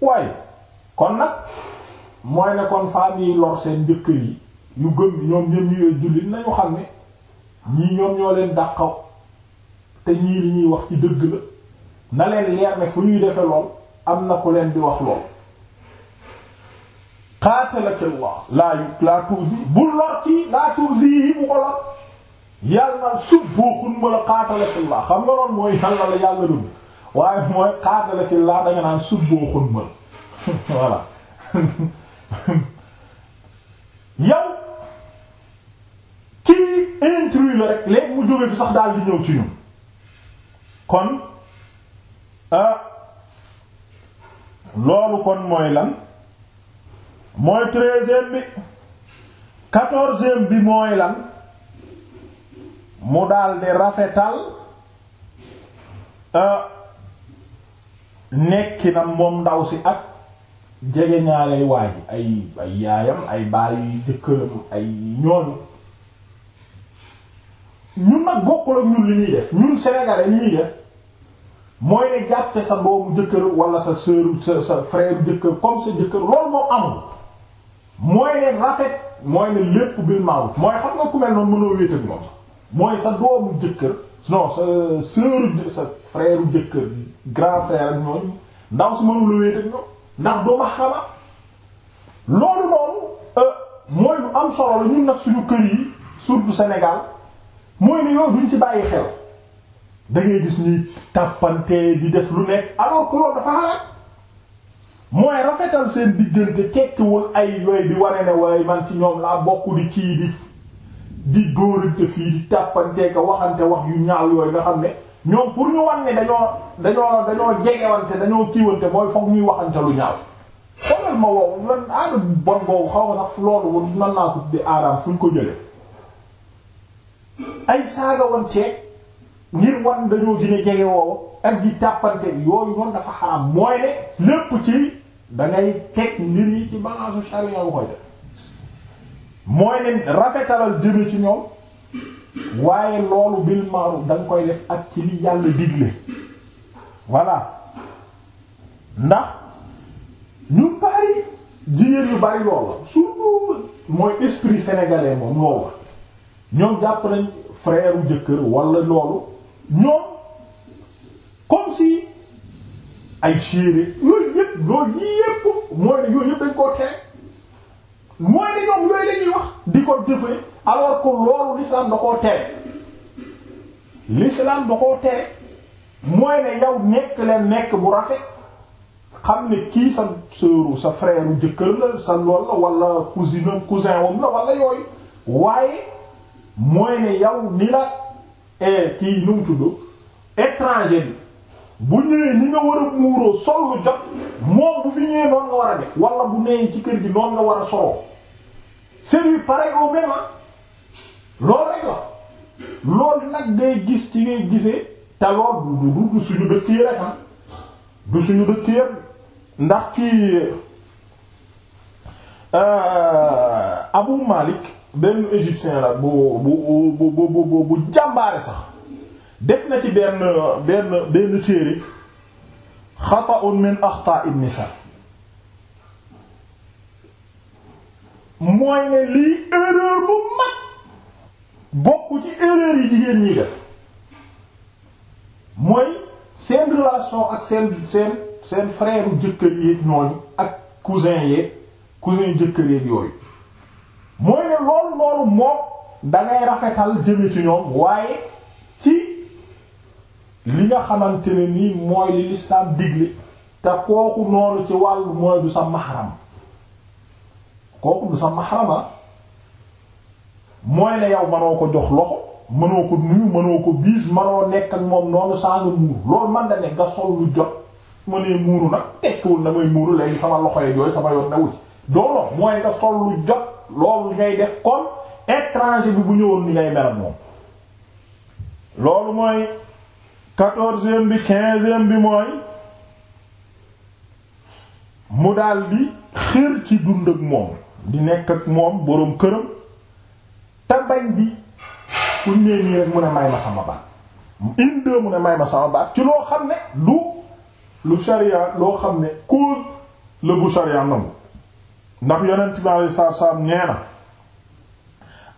waaye kon nag mooy ne kon yi lor seen jëkkër yi yu gëm ñoom ñoom ñooy jullit nañu xam ne ñii ñoom ñoo leen dàqaw te ñii li ñuy wax ci dëgg la na leen leer ne fu ñuy defe lool am na ku leen di wax lool qaatalakallah laa yu laa tuusi bu lor ci laa tuusi yi bu ko lor yàlla subbooxun ma la xaatalatillaa xam nga mooy yàlla la yàlla dund waaye mooy xaatalatillaa danga naan subbooxun ma la voilà yow kii intrus la rek léegi mu jóge fi sax daal di ñëw ci ñun kon euh, loolu kon mooy lan mooy treizième bi quatorzième bi mooy lan mu daldi rafetal euh, na moom ndaw si ak jege ñaaley waaj ay ay yaayam ay bàyyi jëkkëram ay ñooñu ñun nag bokkul ak ñun li ñuy def ñun sénégalais li ñuy def mooy ne jàppe sa doomu jëkkër wala sa sœur sa sa frère jëkkër comme sa jëkkër loolu moo amul mooy ne rafet mooy ne lépp bil maaruf mooy xam nga ku mel noonu mënoo wéet ak moom mooy sa doomu jëkkër non sa sœuru sa frère jëkkër grand frère ak ñooñu ndaw si mënula wéet ak ñoom ndax doo mahrama loolu noonu euh, mooy lu am solo la ñun nag suñu kër yi surtout Sénégal mooy ni yow duñ ci bàyyi xel da ngay gis ñuy di def lu nekk alors que loolu dafa xalaat mooy rafetal seen diggante tekkiwul ay yooyu di wane ne waaye man ci ñoom laa bokk di kii di. di dóorante fii di tàppanteeka waxante wax yu ñaaw yooyu nga xam ne ñoom pour ñu wan ne dañoo dañoo dañoo jegewante dañoo kiiwante mooy foog ñuy waxante lu ñaaw xoolal ma wow lan aada ah, bon boobu xaw ma sax loolu nan naa ko di aaraam fu ñu ko jële ay saaga wanteeg ngir wan dañoo gën a jege woowu ak di tàppante yooyu noonu dafa xaram mooy ne lépp ci da teg mbir yi ci balance charia bu koy def mooy ne rafetalal jëme ci ñoom waaye loolu bil ma'ruf danga koy def ak ci li yàlla digle voilà ndax ñu bari jigéen yu bari lool la surtout mooy esprit sénégalais moom loolu ñoom jàpp nañ frère u jëkkër wala loolu ñoom comme si ay chéré yooyu yëpp loolu yëpp mooy ne yooyu yëpp dañ koo tere mooy ne ñoom yooyu la wax di ko defee alors que loolu l'islam da koo tere l'islam da koo tere mooy ne yow nekk leen nekk bu rafet xam ne kii sa sœuru sa frère jëkkër la sa lool la wala cousin cousin wam la wala yooyu waaye mooy ne yow ni la eh, kii nu mu tudd étranger bi bu ñëwee ni nga war a muuroo sol lu jot moom bu fi ñëwee noonu nga war a def wala bu nee ci kër gi noonu nga war a soroo c'est lui pareil au même loolu rek la loolu nag day gis ci ngay gisee te lool du du suñu dëkk yi rek du suñu dëkk yëpp ndax ci euh, Abu Malik benn égyptien la bu bu bu bu bu jàmbaare sax. def na ci benn benn benn téere xata'un min axta innisa mooy ne lii erreur bu mag bokk ci erreur yi jigéen ñi def mooy seen relation ak seen seen seen frère jëkkër yeeg ñooñu ak cousin yeeg cousin jëkkër yeeg yooyu mooy ne loolu loolu moom dangay rafetal jëme ci ñoom waaye li nga xamante ne nii mooy li lislaam digle te kooku noonu ci wàllu mooy du sa maxaram kooku du sa maxarama ah. mooy ne yow mënoo ko jox loxo mënoo ko nuyu mënoo ko biis mënoo nekk ak moom noonu saa nga muur loolu man da nekk nga sol lu jot ma nee muuru nag tekkiwul na may muuru léegi sama loxo yi yooyu sama yoon newu ci dooloo mooy nga sol lu jot loolu ngay def kon étranger bi bu ñëwoon ni ngay mel moom loolu mooy quatorzième bi quinzième bi mooy mu di xër ci dund ak moom di nekk ak moom boroom këram te bañ di fu nee rek mun a may ma sama baat indee mun a may ma sama baat ci loo xam ne du lu sharia loo xam ne cause la bu sharia nangu ndax yonent bi alayhi salaam nee na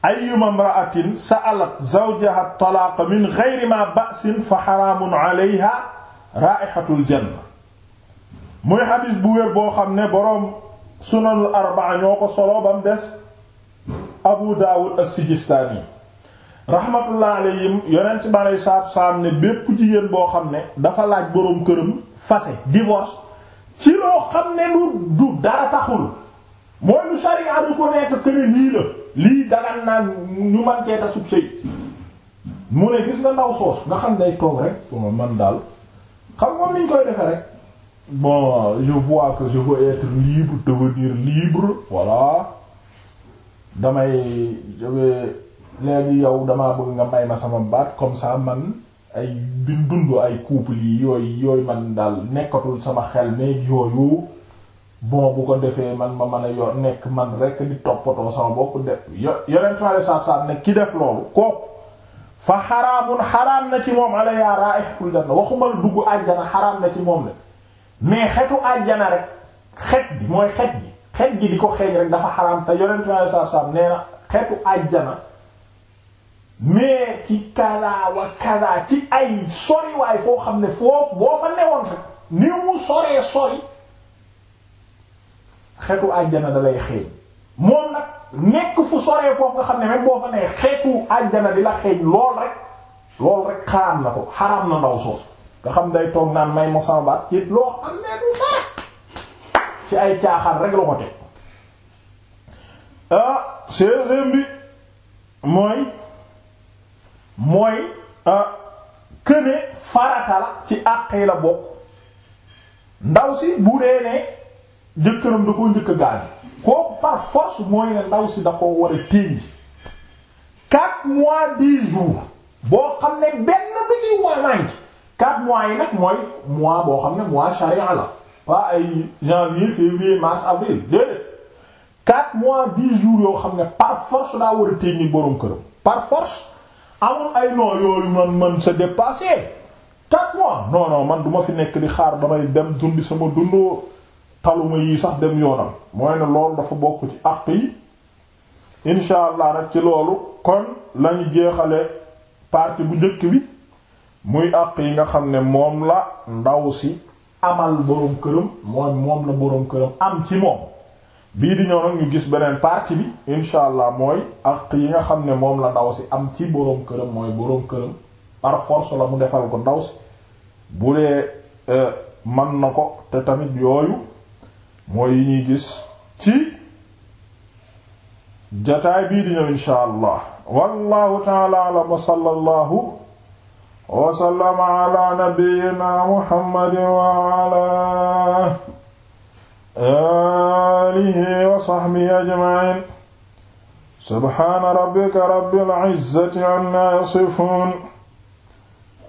ayyuma imra'atin sa'alat zawjaha talaaqa min ghayri ma fa xaraamun alayha raa'ihatul janna muy xadis bu wér boo xam ne boroom sunanul arbaa ñoo ko solo bam des Abu Daawud as-Sijistaani rahmatullah alayhim yonent bi aleyhi salaatu salaam ne bépp jigéen boo xam ne dafa laaj boroom kër fase divorce ci loo xam ne lu du dara taxul mooy lu sharia reconnaître que ni lii la lii dagaan naa ñu man cee ta sub sëy mu ne gis nga ndaw soos nga xam day toog rek man daal xam moom niñ koy defe rek bon je vois que je veux être libre devenir libre voilà damay jawee léegi yow damaa bëgg nga may ma sama baat comme ça man ay bin dund ay couple yi yooyu yooyu man daal nekkatul sama xel néeg yooyu bon bu ko defee man ma mën a yor nekk man rek di toppatoo sama bopp def yo- yonent ma alay saab ne ki def loolu kooku fa xaraamun xaraam na ci moom ala yaa raa'ihatul janna waxuma la dugg àjjana xaraam na ci moom la mais xetu àjjana rek xet gi mooy xet gi xet gi di ko xeeñ rek dafa xaraam te yonent ma alay saab nee na xetu àjjana mais ci kadaa wa kadaa ci ay sori waay foo xam ne foofu boo fa newoon rek ni mu soree sori xeetu àjjana da lay xeeñ moom nag nekk fu soree foofu nga xam ne même boo fa nee xeetu àjjana di la xeeñ lool rek lool rek xaraam na ko xaraam na ndaw soosu nga xam day toog naan may ma sama baat it loo ci ay caaxaan rek la ko teg ah bi mooy mooy këne ah, farata ci àq yi la bokk ndaw si bu dee ne jëkkëram da koo njëkk a kooku par force mooy ne si da koo war a téye quatre mois dix jours boo xam ne benn du ñuy wàññi quatre mois yi nag mooy mois boo xam ne mois charia la waa ay janvier février mars avril déedéet quatre mois di jours yoo xam ne par force daa war a téye ni borom këram par force amul ay non man man c'est dépassé quatre mois non man du fi nekk di xaar damay dem dundi sama dundoo. taluma yii sax dem yoonam mooy ne loolu dafa bokk ci àq yi incha allah nag ci loolu kon lañu jeexale partie bu njëkk bi muy àq yi nga xam ne moom la ndaw si amal boroom këram mooy moom la boroom këram am ci di ñëw nag gis beneen partie bi incha allah mooy àq yi nga xam ne moom la ndaw si am ci boroom këram mooy boroom këram par force la mu defal ko ndaw si bu dee euh, mën na ko te tamit yooyu mooy yi ñuy gis ci jataay bii di ñëw insha allah wallahu taala alam wa sallallahu wa sallama ala nabiyyina muhammadin wa ala alihi wa sahbihi ajma'in subhana rabbika rabbil izzati amma yasifun